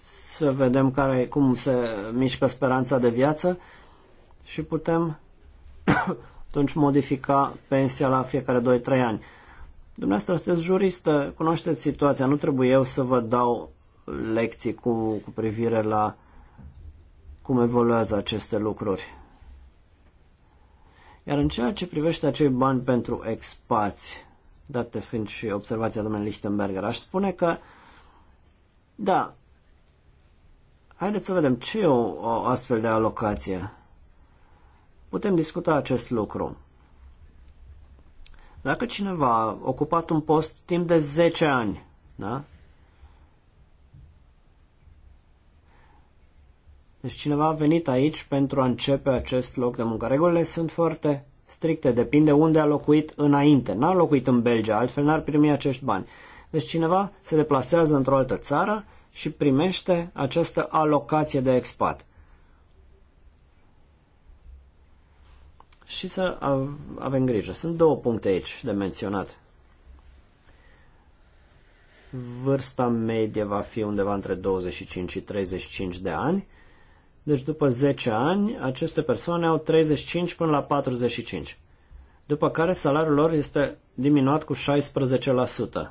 să vedem care, cum se mișcă speranța de viață și putem *coughs* atunci modifica pensia la fiecare 2-3 ani. Dumneavoastră sunteți juristă, cunoașteți situația, nu trebuie eu să vă dau lecții cu, cu privire la cum evoluează aceste lucruri. Iar în ceea ce privește acei bani pentru expați, date fiind și observația domnului Lichtenberger, aș spune că, da, haideți să vedem ce e o, o astfel de alocație. Putem discuta acest lucru. Dacă cineva a ocupat un post timp de 10 ani, da? Deci cineva a venit aici pentru a începe acest loc de muncă. Regulile sunt foarte stricte, depinde unde a locuit înainte. N-a locuit în Belgia, altfel n-ar primi acești bani. Deci cineva se deplasează într-o altă țară și primește această alocație de expat. Și să avem grijă. Sunt două puncte aici de menționat. Vârsta medie va fi undeva între 25 și 35 de ani deci după 10 ani, aceste persoane au 35 până la 45, după care salariul lor este diminuat cu 16%.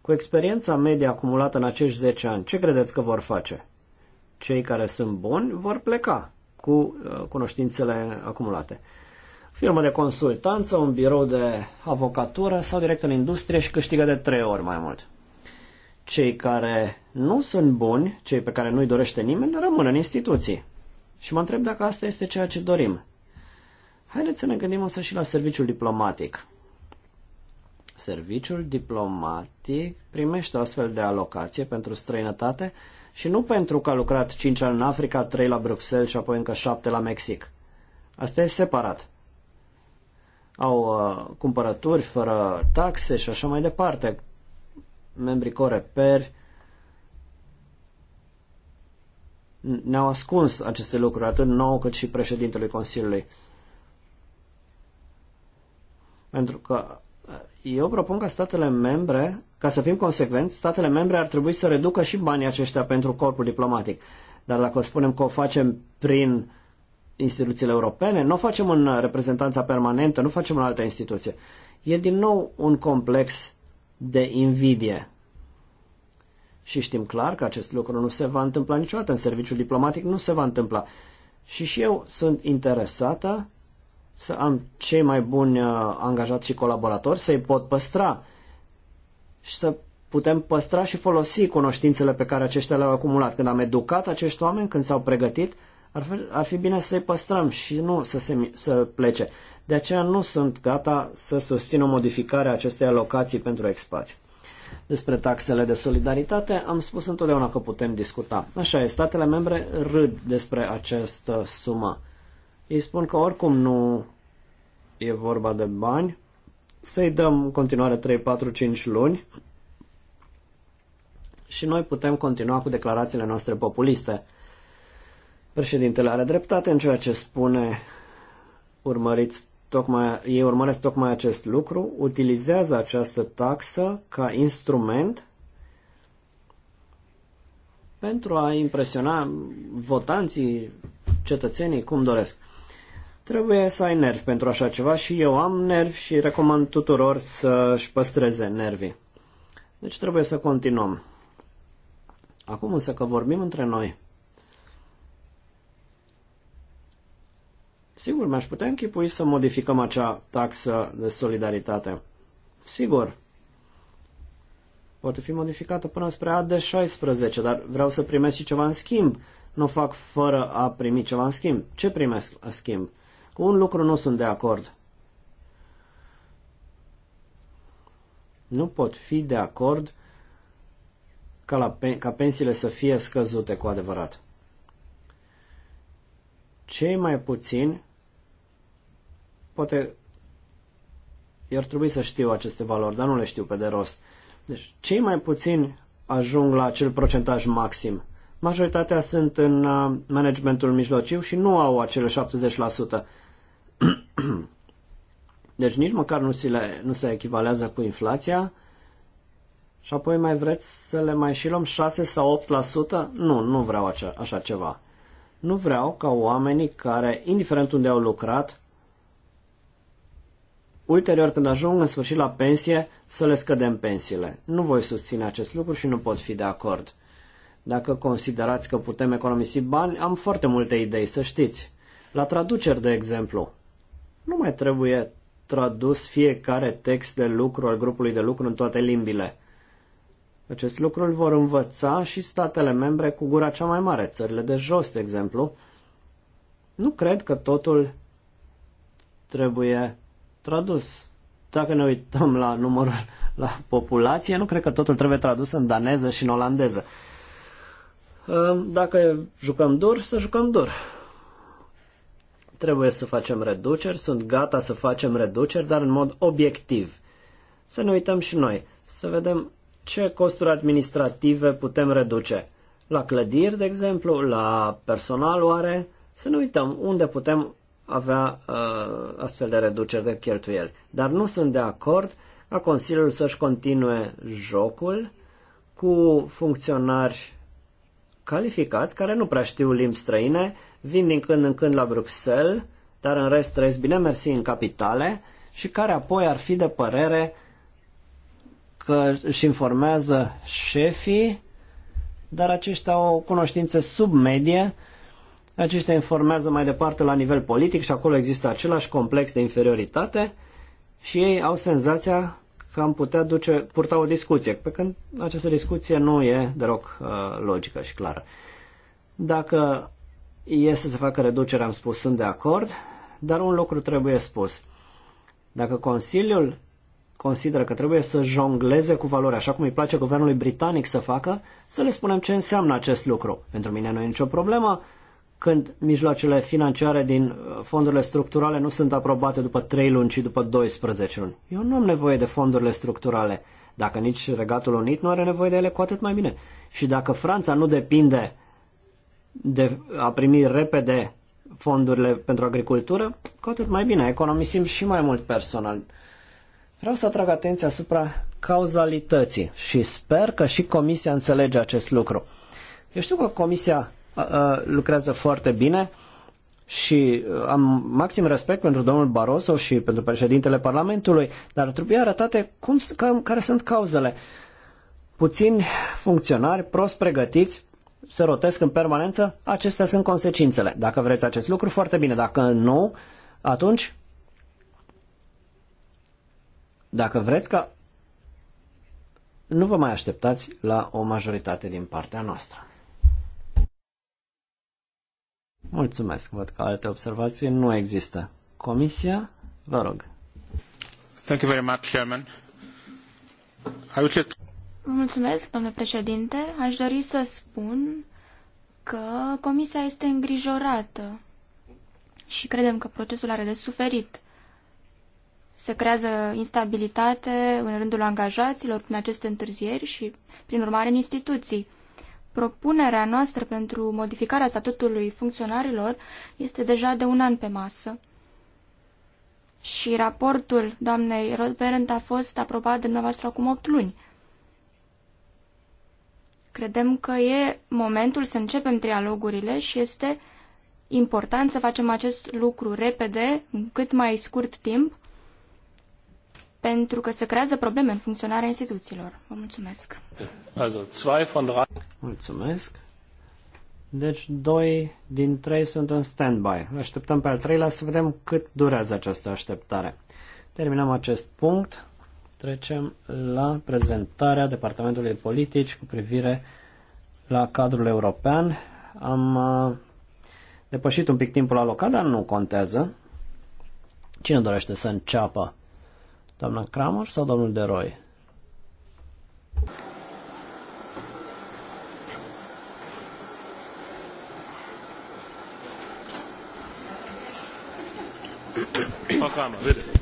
Cu experiența medie acumulată în acești 10 ani, ce credeți că vor face? Cei care sunt buni vor pleca cu uh, cunoștințele acumulate. Firmă de consultanță, un birou de avocatură sau direct în industrie și câștigă de 3 ori mai mult cei care nu sunt buni, cei pe care nu-i dorește nimeni, rămân în instituții. Și mă întreb dacă asta este ceea ce dorim. Haideți să ne gândim însă și la serviciul diplomatic. Serviciul diplomatic primește o astfel de alocație pentru străinătate și nu pentru că a lucrat 5 ani în Africa, 3 la Bruxelles și apoi încă 7 la Mexic. Asta e separat. Au uh, cumpărături fără taxe și așa mai departe, membrii Coreper ne-au ascuns aceste lucruri, atât nou cât și președintelui Consiliului. Pentru că eh, eu propun ca statele membre, ca să fim consecvenți, statele membre ar trebui să reducă și banii aceștia pentru corpul diplomatic. Dar dacă o spunem că o facem prin instituțiile europene, nu o facem în reprezentanța permanentă, nu o facem în altă instituție. E din nou un complex de invidie. Și știm clar că acest lucru nu se va întâmpla niciodată în serviciul diplomatic, nu se va întâmpla. Și și eu sunt interesată să am cei mai buni uh, angajați și colaboratori, să-i pot păstra și să putem păstra și folosi cunoștințele pe care aceștia le-au acumulat. Când am educat acești oameni, când s-au pregătit, ar fi, ar fi bine să-i păstrăm și nu să, se, să plece. De aceea nu sunt gata să susțin o modificare a acestei alocații pentru expați. Despre taxele de solidaritate am spus întotdeauna că putem discuta. Așa e, statele membre râd despre această sumă. Ei spun că oricum nu e vorba de bani, să-i dăm în continuare 3, 4, 5 luni și noi putem continua cu declarațiile noastre populiste. Președintele are dreptate în ceea ce spune urmăriți tocmai, ei urmăresc tocmai acest lucru, utilizează această taxă ca instrument pentru a impresiona votanții, cetățenii, cum doresc. Trebuie să ai nervi pentru așa ceva și eu am nervi și recomand tuturor să-și păstreze nervii. Deci trebuie să continuăm. Acum însă că vorbim între noi. Sigur, mi-aș putea închipui să modificăm acea taxă de solidaritate. Sigur, poate fi modificată până spre AD16, dar vreau să primesc și ceva în schimb. Nu fac fără a primi ceva în schimb. Ce primesc în schimb? Cu un lucru nu sunt de acord. Nu pot fi de acord ca, la, ca pensiile să fie scăzute cu adevărat cei mai puțini, poate eu ar trebui să știu aceste valori, dar nu le știu pe de rost. Deci cei mai puțini ajung la acel procentaj maxim. Majoritatea sunt în uh, managementul mijlociu și nu au acele 70%. *clears throat* Deci nici măcar nu se, le, nu se echivalează cu inflația. Și apoi mai vreți să le mai și luăm 6 sau 8%? Nu, nu vreau așa, așa ceva. Nu vreau ca oamenii care, indiferent unde au lucrat, ulterior când ajung în sfârșit la pensie, să le scădem pensiile. Nu voi susține acest lucru și nu pot fi de acord. Dacă considerați că putem economisi bani, am foarte multe idei, să știți. La traduceri, de exemplu, nu mai trebuie tradus fiecare text de lucru al grupului de lucru în toate limbile. Acest lucru îl vor învăța și statele membre cu gura cea mai mare, țările de jos, de exemplu. Nu cred că totul trebuie tradus. Dacă ne uităm la numărul, la populație, nu cred că totul trebuie tradus în daneză și în olandeză. Ehm, dacă jucăm dur, să jucăm dur. Trebuie să facem reduceri, sunt gata să facem reduceri, dar în mod obiectiv. Să ne uităm și noi, să vedem ce costuri administrative putem reduce. La clădiri, de exemplu, la personal oare, să nu uităm unde putem avea uh, astfel de reduceri de cheltuieli. Dar nu sunt de acord ca Consiliul să-și continue jocul cu funcționari calificați care nu prea știu limbi străine, vin din când în când la Bruxelles, dar în rest trăiesc bine mersi în capitale și care apoi ar fi de părere că își informează șefii, dar aceștia au cunoștințe submedie, aceștia informează mai departe la nivel politic și acolo există același complex de inferioritate și ei au senzația că am putea duce, purta o discuție, pe când această discuție nu e deloc uh, logică și clară. Dacă e să se facă reducere, am spus, sunt de acord, dar un lucru trebuie spus. Dacă Consiliul consideră că trebuie să jongleze cu valori, așa cum îi place guvernului britanic să facă, să le spunem ce înseamnă acest lucru. Pentru mine nu e nicio problemă când mijloacele financiare din uh, fondurile structurale nu sunt aprobate după 3 luni, ci după 12 luni. Eu nu am nevoie de fondurile structurale. Dacă nici Regatul Unit nu are nevoie de ele, cu atât mai bine. Și dacă Franța nu depinde de a primi repede fondurile pentru agricultură, cu atât mai bine. Economisim și mai mult personal. Vreau să atrag atenția asupra cauzalității și sper că și Comisia înțelege acest lucru. Eu știu că Comisia lucrează foarte bine și uh, am maxim respect pentru domnul Barroso și pentru președintele Parlamentului, dar trebuie arătate cum, care sunt cauzele. Puțini funcționari prost pregătiți se rotesc în permanență, acestea sunt consecințele. Dacă vreți acest lucru, foarte bine. Dacă nu, atunci dacă vreți ca nu vă mai așteptați la o majoritate din partea noastră. Mulțumesc, văd că alte observații nu există. Comisia, vă rog. Thank you very much, Chairman. I would just... Mulțumesc, domnule președinte. Aș dori să spun că Comisia este îngrijorată și credem că procesul are de suferit se creează instabilitate în rândul angajaților prin aceste întârzieri și, prin urmare, în instituții. Propunerea noastră pentru modificarea statutului funcționarilor este deja de un an pe masă. Și raportul doamnei Rodberent a fost aprobat de dumneavoastră acum 8 luni. Credem că e momentul să începem trialogurile și este important să facem acest lucru repede, în cât mai scurt timp, pentru că se creează probleme în funcționarea instituțiilor. Vă mulțumesc. Mulțumesc. Deci, doi din trei sunt în stand-by. Așteptăm pe al treilea să vedem cât durează această așteptare. Terminăm acest punct. Trecem la prezentarea Departamentului Politici cu privire la cadrul european. Am uh, depășit un pic timpul alocat, dar nu contează. Cine dorește să înceapă? Doamna Kramer sau domnul de Roy? Frau Kramer, bitte.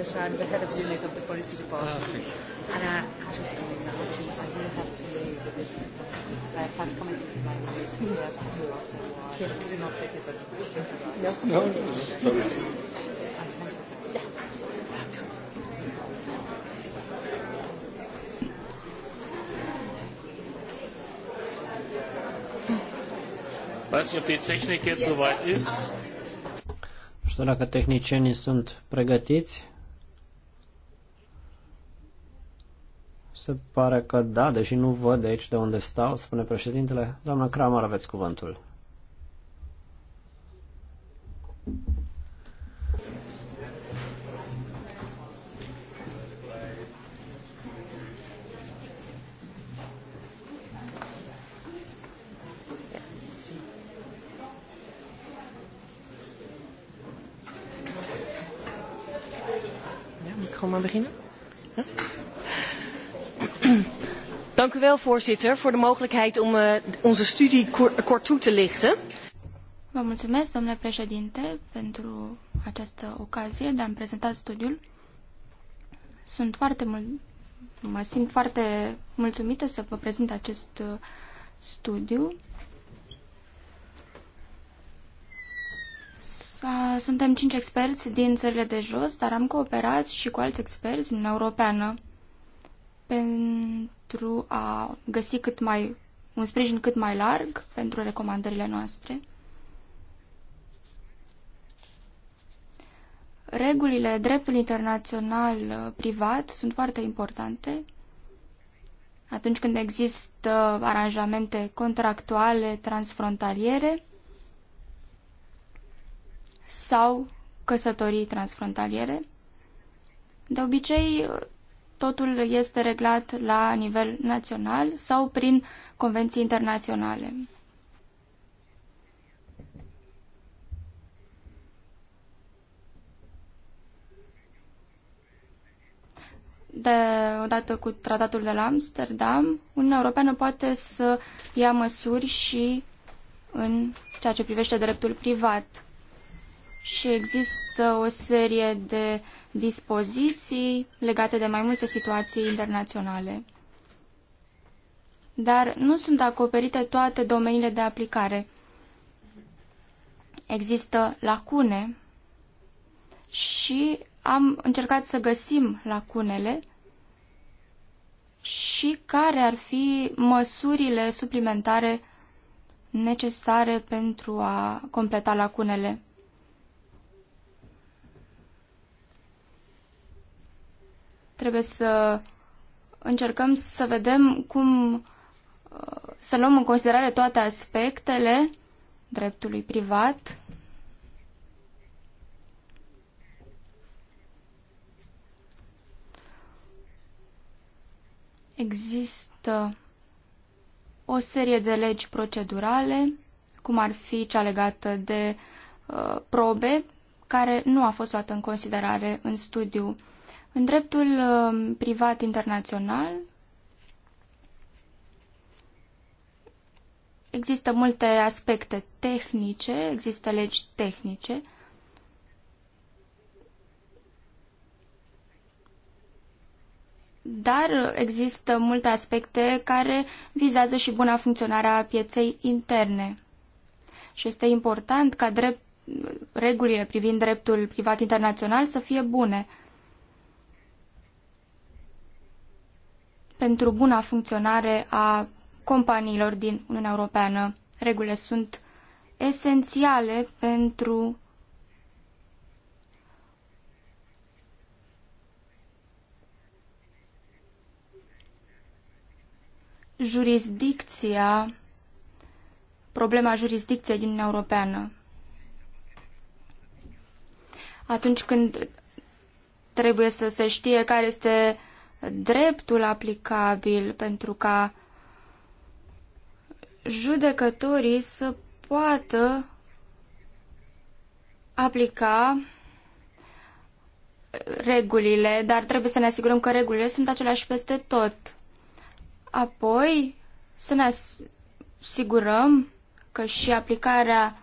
it. I'm the head of unit of the policy department. Oh, And uh, I have to say now because I uh, do have to leave. I have committees in my colleagues who are do after Yeah. Do not take this as a no, no. no. Sorry. ob die Technik jetzt soweit ist? Nu știu dacă tehnicienii sunt pregătiți. Se pare că da, deși nu văd de aici de unde stau, spune președintele. Doamna Cramar, aveți cuvântul. maar beginnen? Huh? Dank u wel, voorzitter, voor de mogelijkheid om uh, onze studie kort toe te lichten. Vă mulțumesc, domnule președinte, pentru această ocazie de a-mi prezenta studiul. Sunt foarte mul mă simt foarte mulțumită să vă prezint acest uh, studiu. Suntem cinci experți din țările de jos, dar am cooperat și cu alți experți din Europeană. Pentru pentru a găsi cât mai, un sprijin cât mai larg pentru recomandările noastre. Regulile dreptului internațional uh, privat sunt foarte importante atunci când există aranjamente contractuale transfrontaliere sau căsătorii transfrontaliere. De obicei, uh, totul este reglat la nivel național sau prin convenții internaționale. de, odată cu tratatul de la Amsterdam, Uniunea Europeană poate să ia măsuri și în ceea ce privește dreptul privat și există o serie de dispoziții legate de mai multe situații internaționale. Dar nu sunt acoperite toate domeniile de aplicare. Există lacune și am încercat să găsim lacunele și care ar fi măsurile suplimentare necesare pentru a completa lacunele. Trebuie să încercăm să vedem cum uh, să luăm în considerare toate aspectele dreptului privat. Există o serie de legi procedurale, cum ar fi cea legată de uh, probe, care nu a fost luată în considerare în studiu în dreptul uh, privat internațional există multe aspecte tehnice, există legi tehnice, dar există multe aspecte care vizează și buna funcționare a pieței interne. Și este important ca drept, regulile privind dreptul privat internațional să fie bune. pentru buna funcționare a companiilor din Uniunea Europeană. Regulile sunt esențiale pentru jurisdicția, problema jurisdicției din Uniunea Europeană. Atunci când trebuie să se știe care este dreptul aplicabil pentru ca judecătorii să poată aplica regulile, dar trebuie să ne asigurăm că regulile sunt aceleași peste tot. Apoi, să ne asigurăm că și aplicarea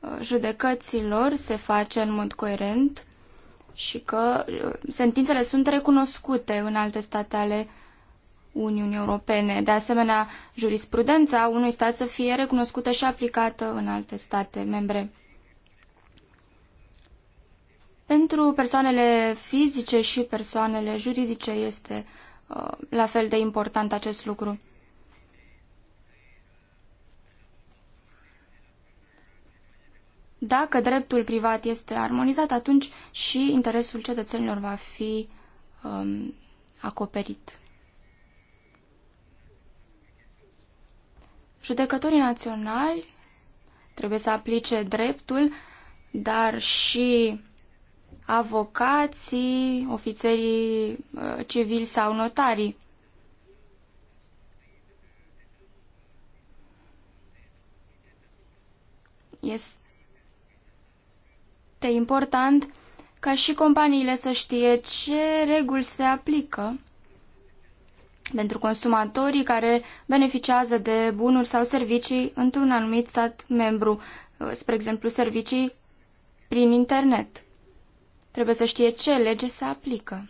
uh, judecăților se face în mod coerent și că uh, sentințele sunt recunoscute în alte state ale Uniunii Europene. De asemenea, jurisprudența unui stat să fie recunoscută și aplicată în alte state membre. Pentru persoanele fizice și persoanele juridice este uh, la fel de important acest lucru. Dacă dreptul privat este armonizat, atunci și interesul cetățenilor va fi um, acoperit. Judecătorii naționali trebuie să aplice dreptul, dar și avocații, ofițerii uh, civili sau notarii. Este este important ca și companiile să știe ce reguli se aplică pentru consumatorii care beneficiază de bunuri sau servicii într-un anumit stat membru, uh, spre exemplu servicii prin internet. Trebuie să știe ce lege se aplică.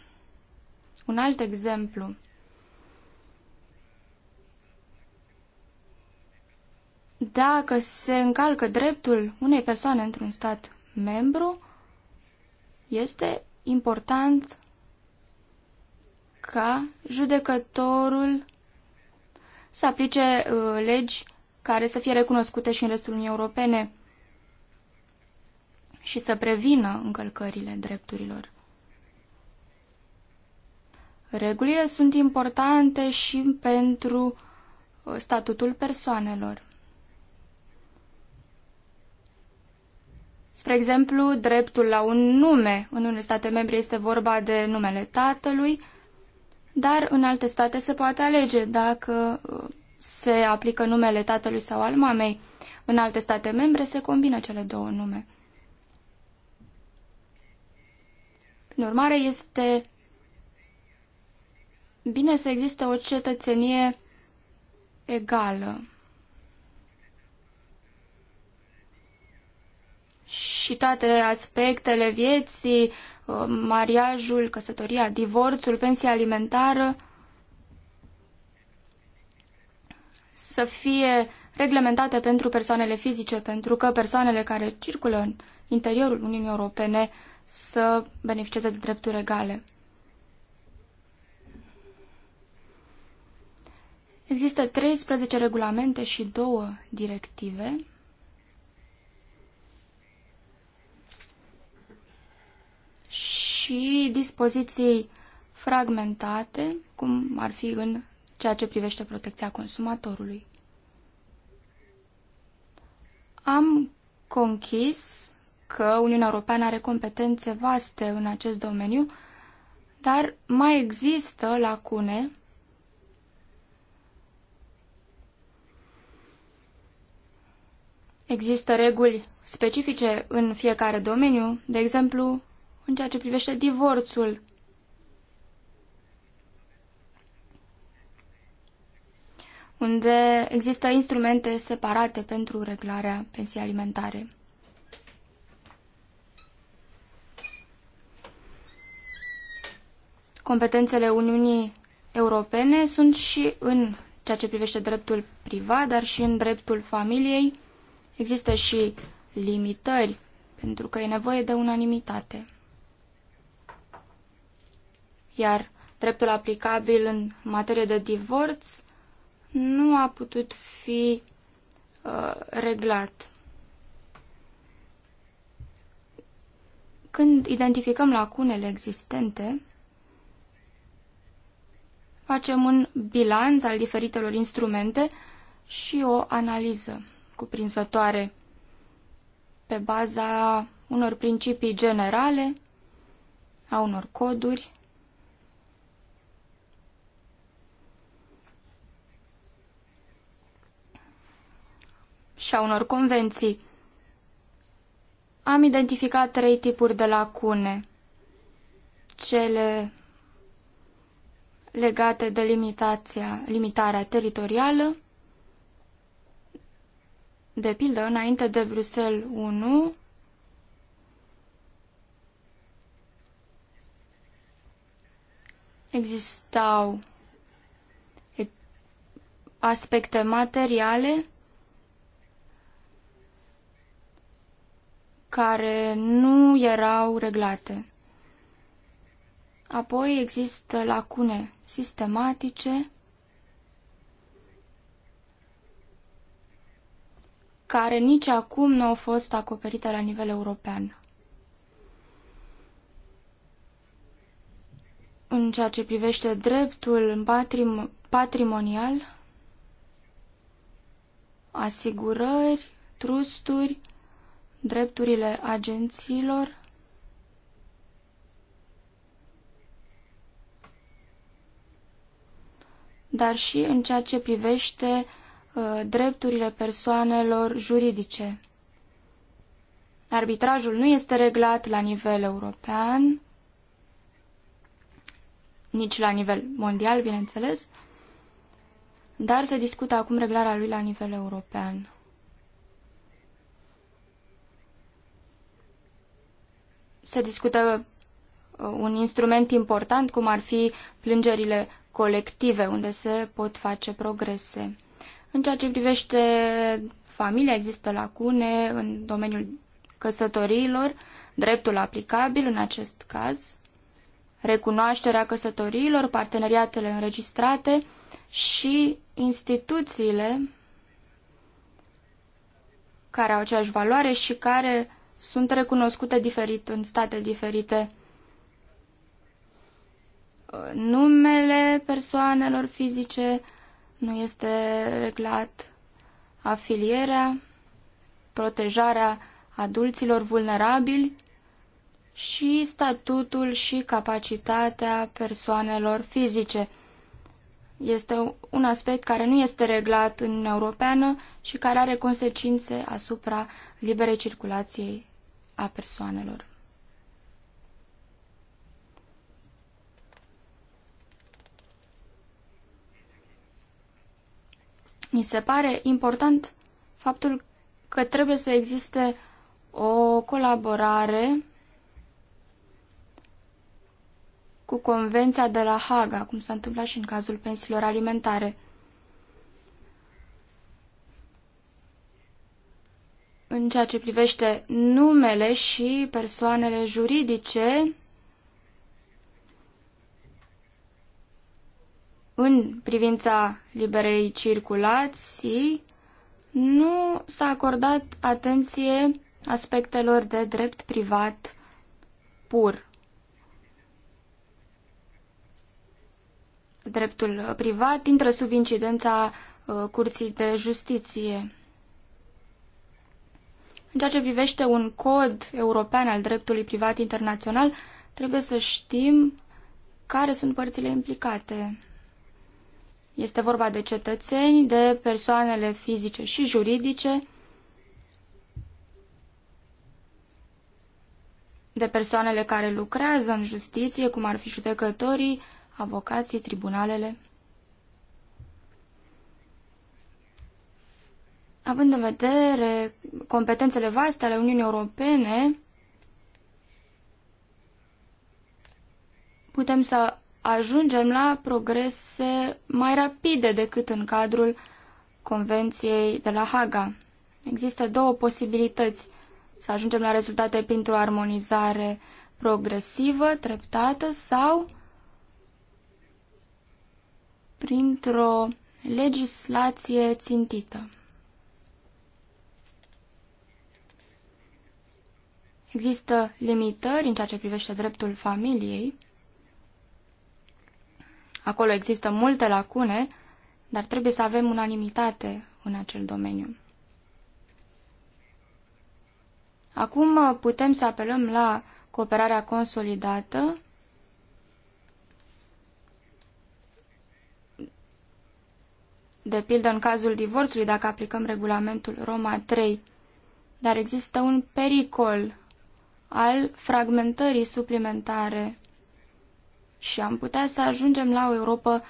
Un alt exemplu. Dacă se încalcă dreptul unei persoane într-un stat membru, este important ca judecătorul să aplice uh, legi care să fie recunoscute și în restul Uniunii Europene și să prevină încălcările drepturilor. Regulile sunt importante și pentru uh, statutul persoanelor. Spre exemplu, dreptul la un nume în unele state membre este vorba de numele tatălui, dar în alte state se poate alege dacă uh, se aplică numele tatălui sau al mamei. În alte state membre se combină cele două nume. Prin urmare, este bine să existe o cetățenie egală. și toate aspectele vieții, uh, mariajul, căsătoria, divorțul, pensia alimentară, să fie reglementate pentru persoanele fizice, pentru că persoanele care circulă în interiorul Uniunii Europene să beneficieze de drepturi egale. Există 13 regulamente și două directive. și dispoziții fragmentate, cum ar fi în ceea ce privește protecția consumatorului. Am conchis că Uniunea Europeană are competențe vaste în acest domeniu, dar mai există lacune Există reguli specifice în fiecare domeniu, de exemplu, în ceea ce privește divorțul. unde există instrumente separate pentru reglarea pensiei alimentare. Competențele Uniunii Europene sunt și în ceea ce privește dreptul privat, dar și în dreptul familiei. Există și limitări, pentru că e nevoie de unanimitate iar dreptul aplicabil în materie de divorț nu a putut fi uh, reglat. Când identificăm lacunele existente, facem un bilanț al diferitelor instrumente și o analiză cuprinzătoare pe baza unor principii generale, a unor coduri și a unor convenții, am identificat trei tipuri de lacune. Cele legate de limitația, limitarea teritorială, de pildă, înainte de Bruxelles 1, existau aspecte materiale care nu erau reglate. Apoi există lacune sistematice care nici acum nu au fost acoperite la nivel european. În ceea ce privește dreptul patrim patrimonial, asigurări, trusturi, drepturile agențiilor dar și în ceea ce privește uh, drepturile persoanelor juridice. Arbitrajul nu este reglat la nivel european, nici la nivel mondial, bineînțeles, dar se discută acum reglarea lui la nivel european. se discută uh, un instrument important, cum ar fi plângerile colective, unde se pot face progrese. În ceea ce privește familia, există lacune în domeniul căsătoriilor, dreptul aplicabil în acest caz, recunoașterea căsătoriilor, parteneriatele înregistrate și instituțiile care au aceeași valoare și care sunt recunoscute diferit în state diferite. Numele persoanelor fizice nu este reglat, afilierea, protejarea adulților vulnerabili și statutul și capacitatea persoanelor fizice este un aspect care nu este reglat în Uniunea Europeană și care are consecințe asupra liberei circulației a persoanelor. Mi se pare important faptul că trebuie să existe o colaborare cu Convenția de la Haga, cum s-a întâmplat și în cazul pensiilor alimentare. În ceea ce privește numele și persoanele juridice, în privința liberei circulații, nu s-a acordat atenție aspectelor de drept privat pur. dreptul privat intră sub incidența uh, Curții de Justiție. În ceea ce privește un cod european al dreptului privat internațional, trebuie să știm care sunt părțile implicate. Este vorba de cetățeni, de persoanele fizice și juridice, de persoanele care lucrează în justiție, cum ar fi judecătorii, avocații, tribunalele. Având în vedere competențele vaste ale Uniunii Europene, putem să ajungem la progrese mai rapide decât în cadrul Convenției de la Haga. Există două posibilități să ajungem la rezultate printr-o armonizare progresivă, treptată sau printr-o legislație țintită. Există limitări în ceea ce privește dreptul familiei. Acolo există multe lacune, dar trebuie să avem unanimitate în acel domeniu. Acum putem să apelăm la cooperarea consolidată de pildă în cazul divorțului, dacă aplicăm regulamentul Roma 3, dar există un pericol al fragmentării suplimentare și am putea să ajungem la o Europa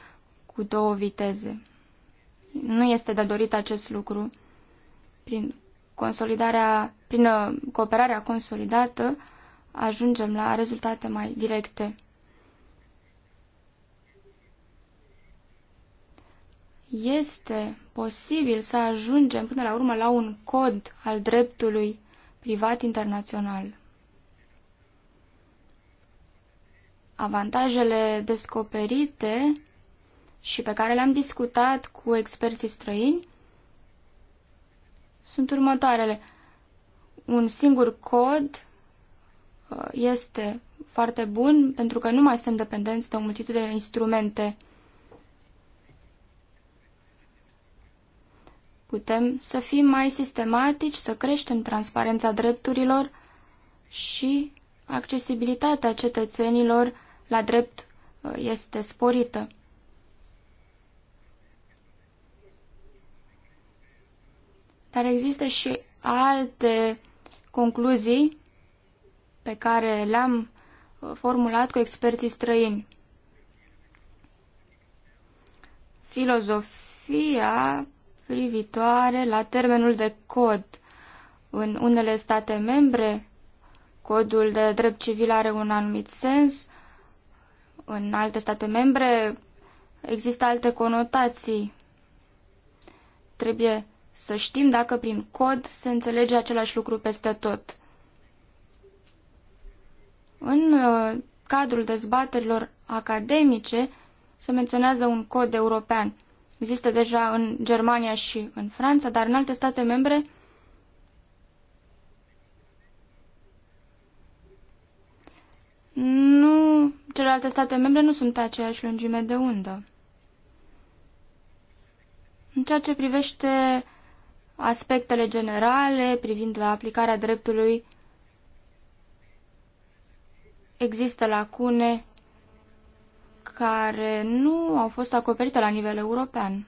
cu două viteze. Nu este de dorit acest lucru. Prin, consolidarea, prin uh, cooperarea consolidată ajungem la rezultate mai directe. este posibil să ajungem până la urmă la un cod al dreptului privat internațional. Avantajele descoperite și pe care le-am discutat cu experții străini sunt următoarele. Un singur cod uh, este foarte bun pentru că nu mai suntem dependenți de o multitudine de instrumente Putem să fim mai sistematici, să creștem transparența drepturilor și accesibilitatea cetățenilor la drept uh, este sporită. Dar există și alte concluzii pe care le-am uh, formulat cu experții străini. Filozofia privitoare la termenul de cod. În unele state membre, codul de drept civil are un anumit sens, în alte state membre există alte conotații. Trebuie să știm dacă prin cod se înțelege același lucru peste tot. În uh, cadrul dezbaterilor academice se menționează un cod european. Există deja în Germania și în Franța, dar în alte state membre nu, celelalte state membre nu sunt pe aceeași lungime de undă. În ceea ce privește aspectele generale privind la aplicarea dreptului, există lacune care nu au fost acoperite la nivel european.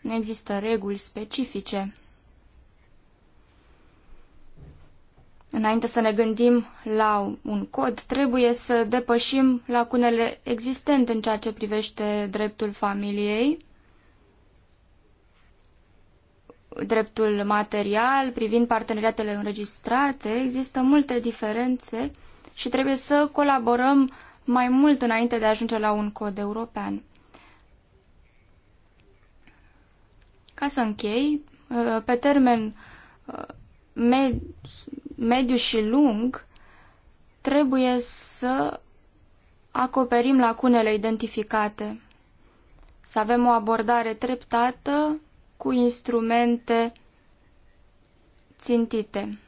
Nu există reguli specifice. Înainte să ne gândim la un cod, trebuie să depășim lacunele existente în ceea ce privește dreptul familiei dreptul material, privind parteneriatele înregistrate, există multe diferențe și trebuie să colaborăm mai mult înainte de a ajunge la un cod european. Ca să închei, pe termen mediu și lung, trebuie să acoperim lacunele identificate, să avem o abordare treptată cu instrumente țintite.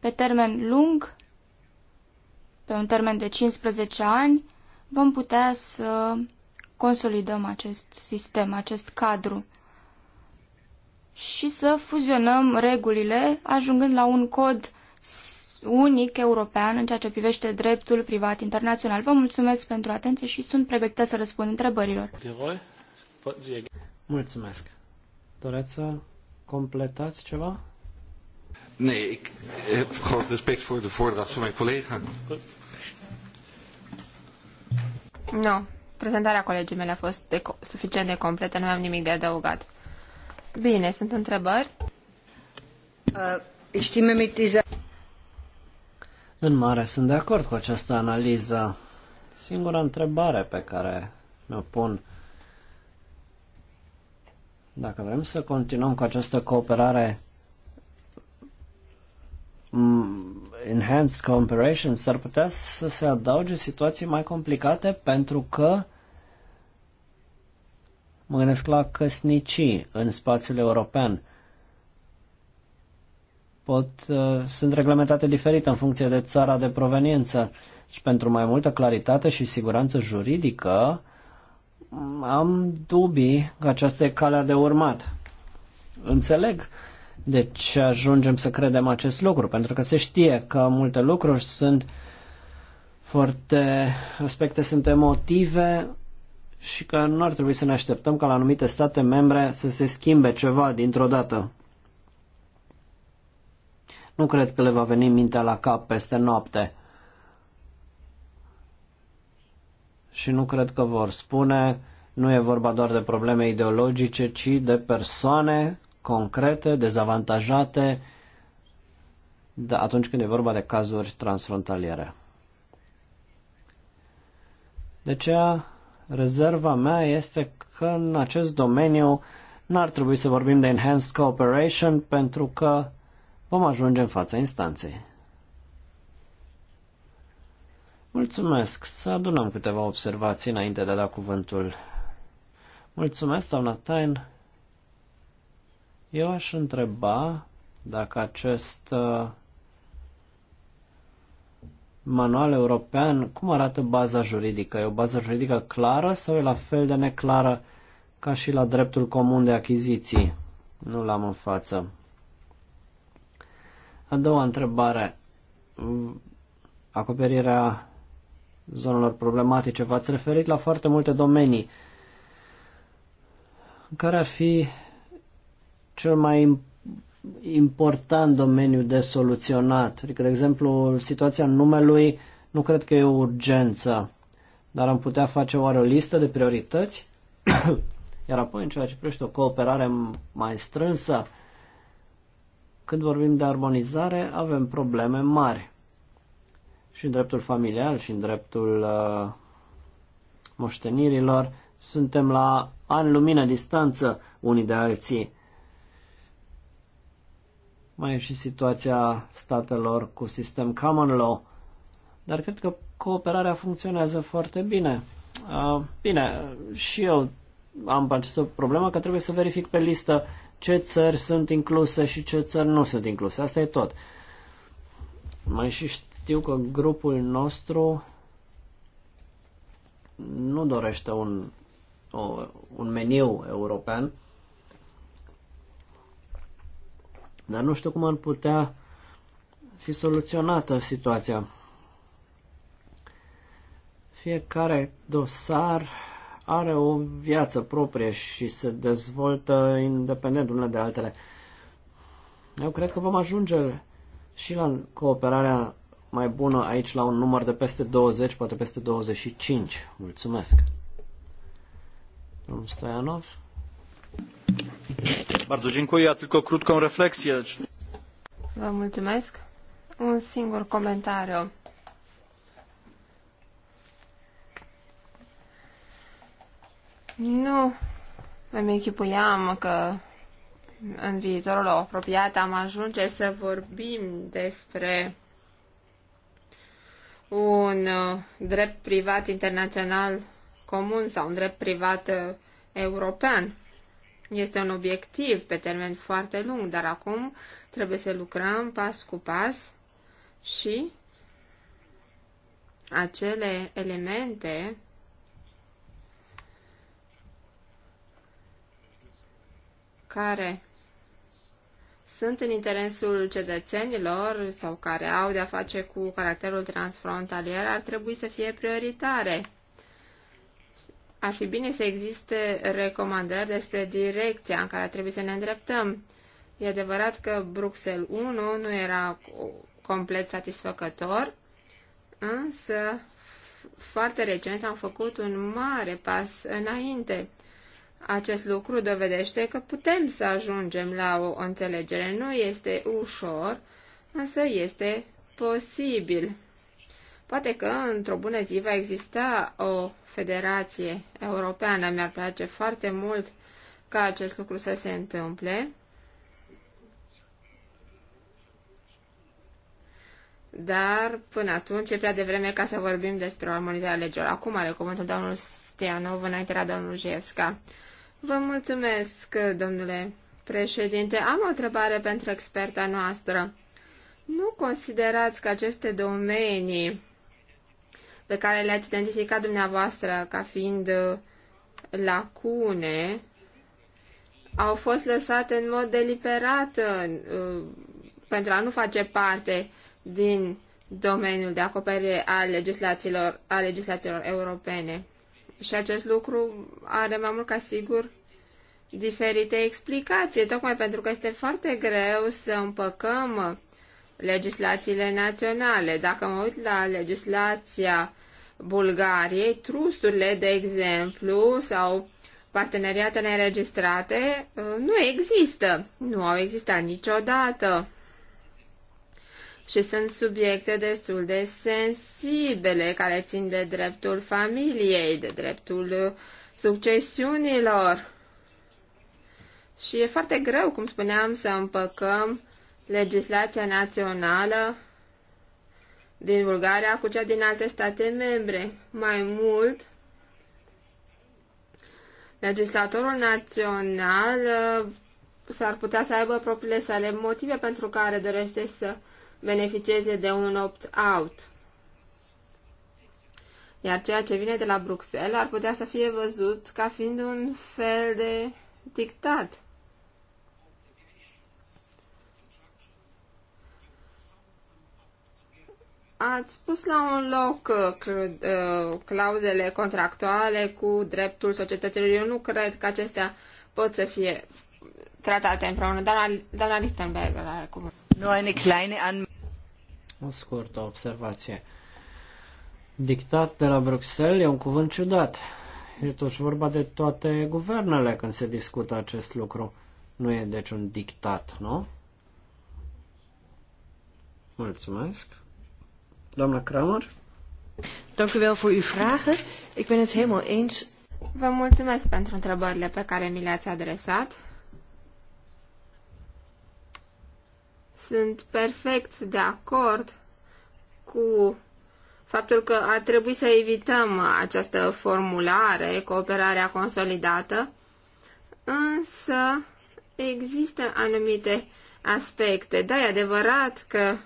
Pe termen lung, pe un termen de 15 ani, vom putea să consolidăm acest sistem, acest cadru și să fuzionăm regulile, ajungând la un cod unic european în ceea ce privește dreptul privat internațional. Vă mulțumesc pentru atenție și sunt pregătită să răspund întrebărilor. Mulțumesc. Doreți să completați ceva? Nee, ik heb eh, groot respect voor de voordracht van mijn collega. Nu, no, prezentarea colegii mele a fost de, suficient de completă, nu am nimic de adăugat. Bine, sunt întrebări? Uh, în mare sunt de acord cu această analiză. Singura întrebare pe care mi-o pun dacă vrem să continuăm cu această cooperare mm, enhanced cooperation, s-ar putea să se adauge situații mai complicate pentru că mă gândesc la căsnicii în spațiul european. Pot, uh, sunt reglementate diferit în funcție de țara de proveniență și deci, pentru mai multă claritate și siguranță juridică uh, am dubii că aceasta e calea de urmat. Înțeleg de ce ajungem să credem acest lucru, pentru că se știe că multe lucruri sunt foarte, aspecte sunt emotive și că nu ar trebui să ne așteptăm ca la anumite state membre să se schimbe ceva dintr-o dată. Nu cred că le va veni mintea la cap peste noapte. și nu cred că vor spune nu e vorba doar de probleme ideologice, ci de persoane concrete, dezavantajate de da, atunci când e vorba de cazuri transfrontaliere. De aceea, rezerva mea este că în acest domeniu n-ar trebui să vorbim de enhanced cooperation pentru că vom ajunge în fața instanței. Mulțumesc. Să adunăm câteva observații înainte de a da cuvântul. Mulțumesc, doamna Tain. Eu aș întreba dacă acest uh, manual european, cum arată baza juridică? E o bază juridică clară sau e la fel de neclară ca și la dreptul comun de achiziții? Nu l-am în față. A doua întrebare. Acoperirea zonelor problematice. V-ați referit la foarte multe domenii. Care ar fi cel mai important domeniu de soluționat? Adică, de exemplu, situația numelui nu cred că e o urgență, dar am putea face oare o listă de priorități? *coughs* Iar apoi, în ceea ce privește o cooperare mai strânsă, când vorbim de armonizare, avem probleme mari și în dreptul familial și în dreptul uh, moștenirilor, suntem la ani lumină distanță unii de alții. Mai e și situația statelor cu sistem common law, dar cred că cooperarea funcționează foarte bine. Uh, bine, și eu am această problemă că trebuie să verific pe listă ce țări sunt incluse și ce țări nu sunt incluse. Asta e tot. Mai și știu că grupul nostru nu dorește un, o, un meniu european, dar nu știu cum ar putea fi soluționată situația. Fiecare dosar are o viață proprie și se dezvoltă independent unele de altele. Eu cred că vom ajunge și la cooperarea mai bună aici la un număr de peste 20, poate peste 25. Mulțumesc. Domnul Stoianov. Bardzo dziękuję, tylko krótką refleksję. Vă mulțumesc. Un singur comentariu. Nu îmi închipuiam că în viitorul apropiat am ajunge să vorbim despre un uh, drept privat internațional comun sau un drept privat uh, european. Este un obiectiv pe termen foarte lung, dar acum trebuie să lucrăm pas cu pas și acele elemente care sunt în interesul cetățenilor sau care au de-a face cu caracterul transfrontalier ar trebui să fie prioritare. Ar fi bine să existe recomandări despre direcția în care trebuie să ne îndreptăm. E adevărat că Bruxelles 1 nu era complet satisfăcător, însă foarte recent am făcut un mare pas înainte acest lucru dovedește că putem să ajungem la o înțelegere. Nu este ușor, însă este posibil. Poate că într-o bună zi va exista o federație europeană. Mi-ar place foarte mult ca acest lucru să se întâmple. Dar până atunci e prea devreme ca să vorbim despre o armonizare legilor. Acum are cuvântul domnul Steanov înaintea domnului Jevska. Vă mulțumesc, domnule președinte. Am o întrebare pentru experta noastră. Nu considerați că aceste domenii pe care le-ați identificat dumneavoastră ca fiind uh, lacune au fost lăsate în mod deliberat uh, pentru a nu face parte din domeniul de acoperire a legislațiilor, a legislațiilor europene. Și acest lucru are mai mult ca sigur diferite explicații, tocmai pentru că este foarte greu să împăcăm legislațiile naționale. Dacă mă uit la legislația Bulgariei, trusturile, de exemplu, sau parteneriatele înregistrate uh, nu există, nu au existat niciodată și sunt subiecte destul de sensibile care țin de dreptul familiei, de dreptul succesiunilor. Și e foarte greu, cum spuneam, să împăcăm legislația națională din Bulgaria cu cea din alte state membre. Mai mult, legislatorul național uh, s-ar putea să aibă propriile sale motive pentru care dorește să beneficieze de un opt-out. Iar ceea ce vine de la Bruxelles ar putea să fie văzut ca fiind un fel de dictat. Ați pus la un loc uh, uh, clauzele contractuale cu dreptul societăților. Eu nu cred că acestea pot să fie tratate împreună. Doamna, doamna Lichtenberger are cuvântul. O scurtă observație. Dictat de la Bruxelles e un cuvânt ciudat. E totuși vorba de toate guvernele când se discută acest lucru. Nu e deci un dictat, nu? Mulțumesc. Doamna Kramer? Dank u wel voor uw vragen. Ik ben het helemaal eens. Vă mulțumesc pentru întrebările pe care mi le-ați adresat. Sunt perfect de acord cu faptul că ar trebui să evităm această formulare, cooperarea consolidată, însă există anumite aspecte. Da, e adevărat că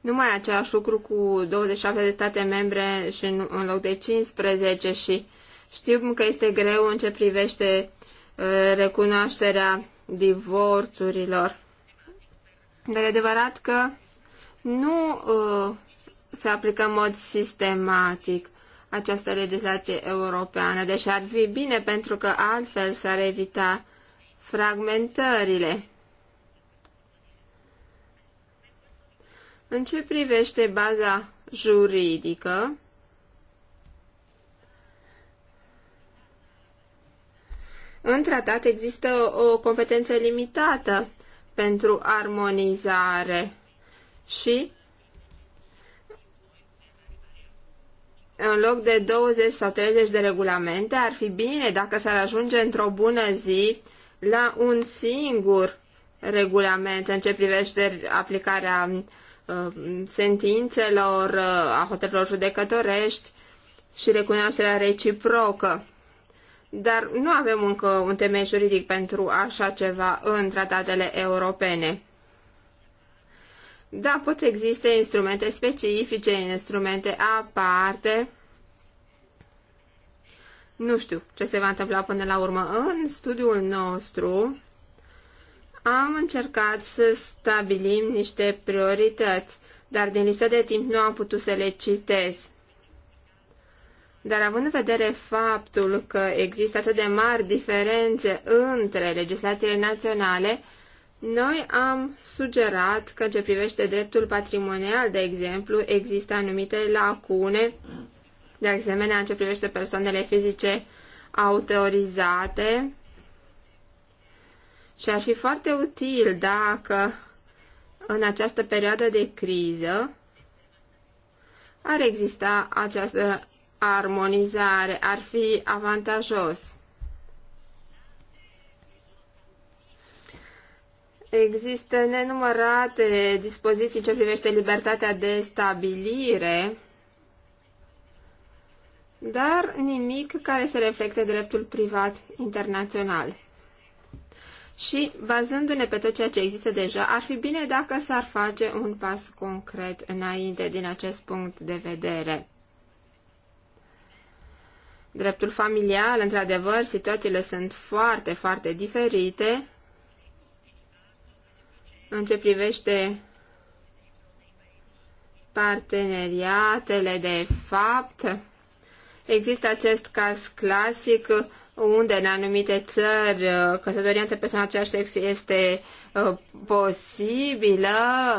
numai același lucru cu 27 de state membre și în, în loc de 15 și știu că este greu în ce privește uh, recunoașterea divorțurilor. Dar e adevărat că nu uh, se aplică în mod sistematic această legislație europeană, deși ar fi bine pentru că altfel s-ar evita fragmentările. În ce privește baza juridică, în tratat există o competență limitată pentru armonizare și în loc de 20 sau 30 de regulamente, ar fi bine dacă s-ar ajunge într-o bună zi la un singur regulament în ce privește aplicarea uh, sentințelor, uh, a hotărârilor judecătorești și recunoașterea reciprocă dar nu avem încă un temei juridic pentru așa ceva în tratatele europene. Da, pot să existe instrumente specifice, instrumente aparte. Nu știu ce se va întâmpla până la urmă. În studiul nostru am încercat să stabilim niște priorități, dar din lipsă de timp nu am putut să le citesc. Dar având în vedere faptul că există atât de mari diferențe între legislațiile naționale, noi am sugerat că în ce privește dreptul patrimonial, de exemplu, există anumite lacune, de asemenea în ce privește persoanele fizice autorizate și ar fi foarte util dacă în această perioadă de criză ar exista această armonizare ar fi avantajos. Există nenumărate dispoziții ce privește libertatea de stabilire, dar nimic care se reflecte dreptul privat internațional. Și, bazându-ne pe tot ceea ce există deja, ar fi bine dacă s-ar face un pas concret înainte din acest punct de vedere dreptul familial, într-adevăr, situațiile sunt foarte, foarte diferite în ce privește parteneriatele de fapt. Există acest caz clasic unde în anumite țări căsătoria între persoane aceeași sex este uh, posibilă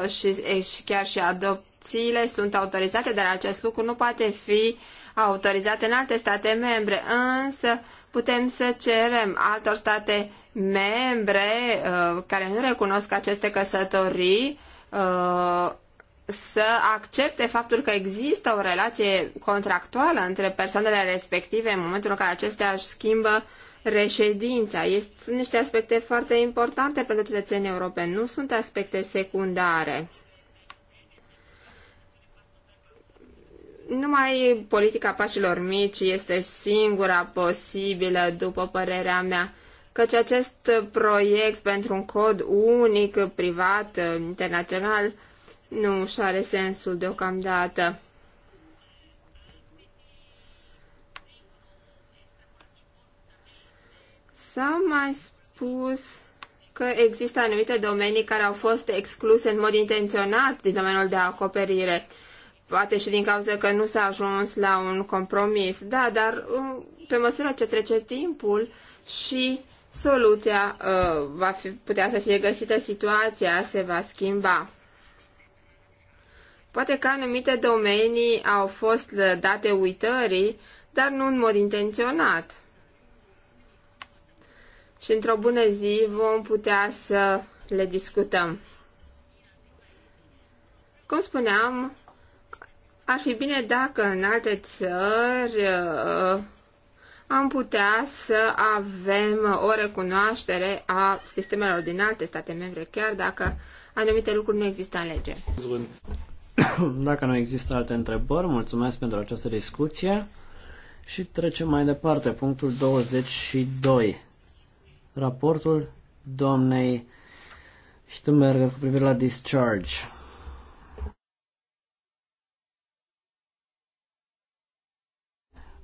și, și chiar și adopțiile sunt autorizate, dar acest lucru nu poate fi uh, autorizate în alte state membre, însă putem să cerem altor state membre uh, care nu recunosc aceste căsătorii uh, să accepte faptul că există o relație contractuală între persoanele respective în momentul în care acestea își schimbă reședința. Este, sunt niște aspecte foarte importante pentru cetățenii europeni, nu sunt aspecte secundare. Numai politica pașilor mici este singura posibilă, după părerea mea, căci acest proiect pentru un cod unic, privat, internațional, nu și are sensul deocamdată. S-a mai spus că există anumite domenii care au fost excluse în mod intenționat din domeniul de acoperire poate și din cauza că nu s-a ajuns la un compromis. Da, dar uh, pe măsură ce trece timpul și soluția uh, va fi, putea să fie găsită, situația se va schimba. Poate că anumite domenii au fost uh, date uitării, dar nu în mod intenționat. Și într-o bună zi vom putea să le discutăm. Cum spuneam, ar fi bine dacă în alte țări uh, am putea să avem o recunoaștere a sistemelor din alte state membre, chiar dacă anumite lucruri nu există în lege. *coughs* Dacă nu există alte întrebări, mulțumesc pentru această discuție și trecem mai departe. Punctul 22. Raportul domnei Ștumberger cu privire la discharge.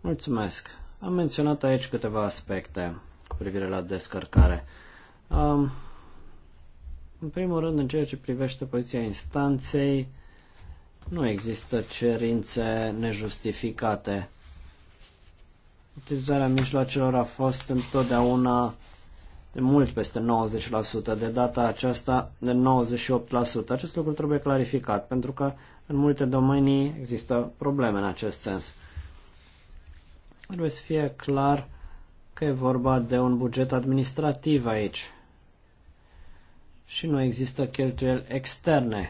Mulțumesc. Am menționat aici câteva aspecte cu privire la descărcare. Um, în primul rând, în ceea ce privește poziția instanței, nu există cerințe nejustificate. Utilizarea mijloacelor a fost întotdeauna de mult peste 90%, de data aceasta de 98%. Acest lucru trebuie clarificat, pentru că în multe domenii există probleme în acest sens. Trebuie să fie clar că e vorba de un buget administrativ aici și nu există cheltuieli externe.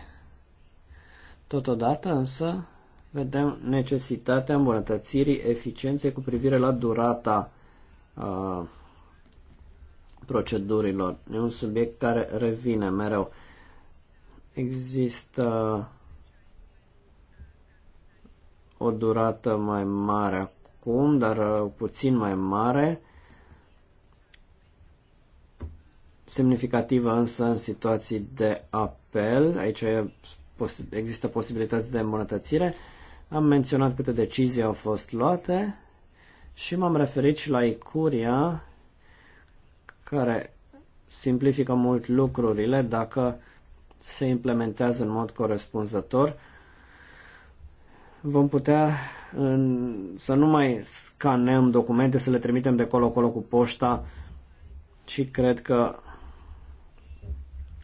Totodată însă vedem necesitatea îmbunătățirii eficienței cu privire la durata a, procedurilor. E un subiect care revine mereu. Există o durată mai mare acum, dar uh, puțin mai mare, semnificativă însă în situații de apel. Aici există posibilități de îmbunătățire. Am menționat câte decizii au fost luate și m-am referit și la Icuria, care simplifică mult lucrurile dacă se implementează în mod corespunzător vom putea în, să nu mai scanăm documente, să le trimitem de colo-colo cu poșta și cred că,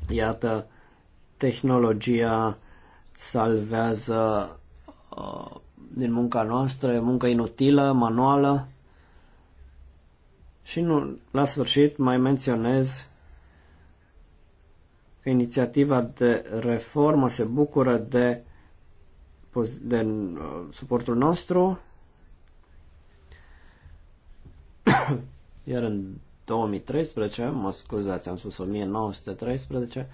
iată, tehnologia salvează uh, din munca noastră, muncă inutilă, manuală. Și nu, la sfârșit mai menționez că inițiativa de reformă se bucură de de uh, suportul nostru. Iar în 2013, mă scuzați, am spus 1913,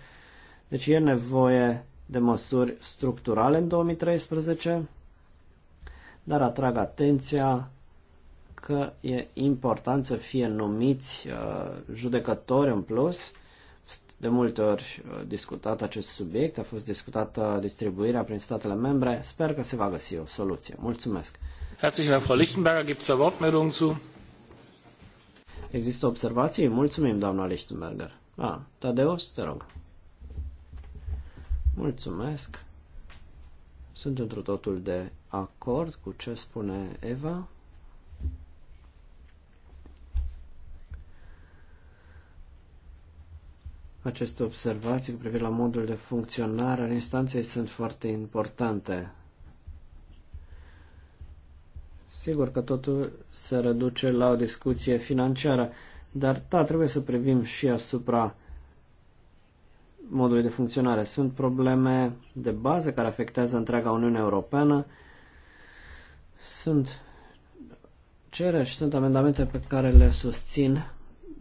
deci e nevoie de măsuri structurale în 2013, dar atrag atenția că e important să fie numiți uh, judecători în plus de multe ori uh, discutat acest subiect, a fost discutată distribuirea prin statele membre. Sper că se va găsi o soluție. Mulțumesc. Herzlichen Dank, Frau Lichtenberger. Gibt es da Wortmeldungen zu? Există observații? Mulțumim, doamna Lichtenberger. Ah, Tadeus, te rog. Mulțumesc. Sunt într totul de acord cu ce spune Eva. Aceste observații cu privire la modul de funcționare al instanței sunt foarte importante. Sigur că totul se reduce la o discuție financiară, dar da, trebuie să privim și asupra modului de funcționare. Sunt probleme de bază care afectează întreaga Uniune Europeană. Sunt cere și sunt amendamente pe care le susțin.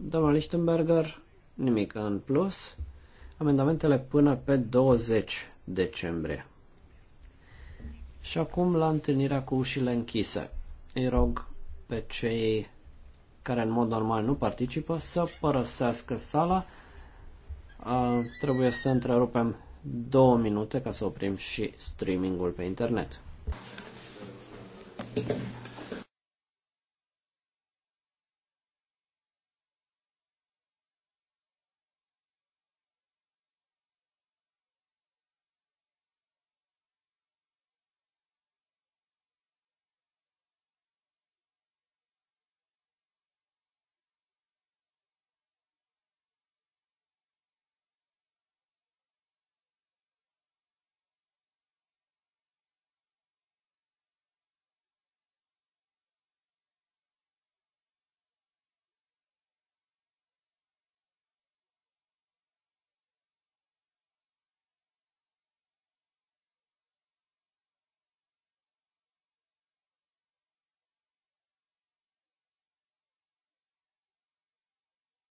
Domnul Lichtenberger nimic în plus. Amendamentele până pe 20 decembrie. Și acum la întâlnirea cu ușile închise. Îi rog pe cei care în mod normal nu participă să părăsească sala. trebuie să întrerupem două minute ca să oprim și streamingul pe internet. Thank you.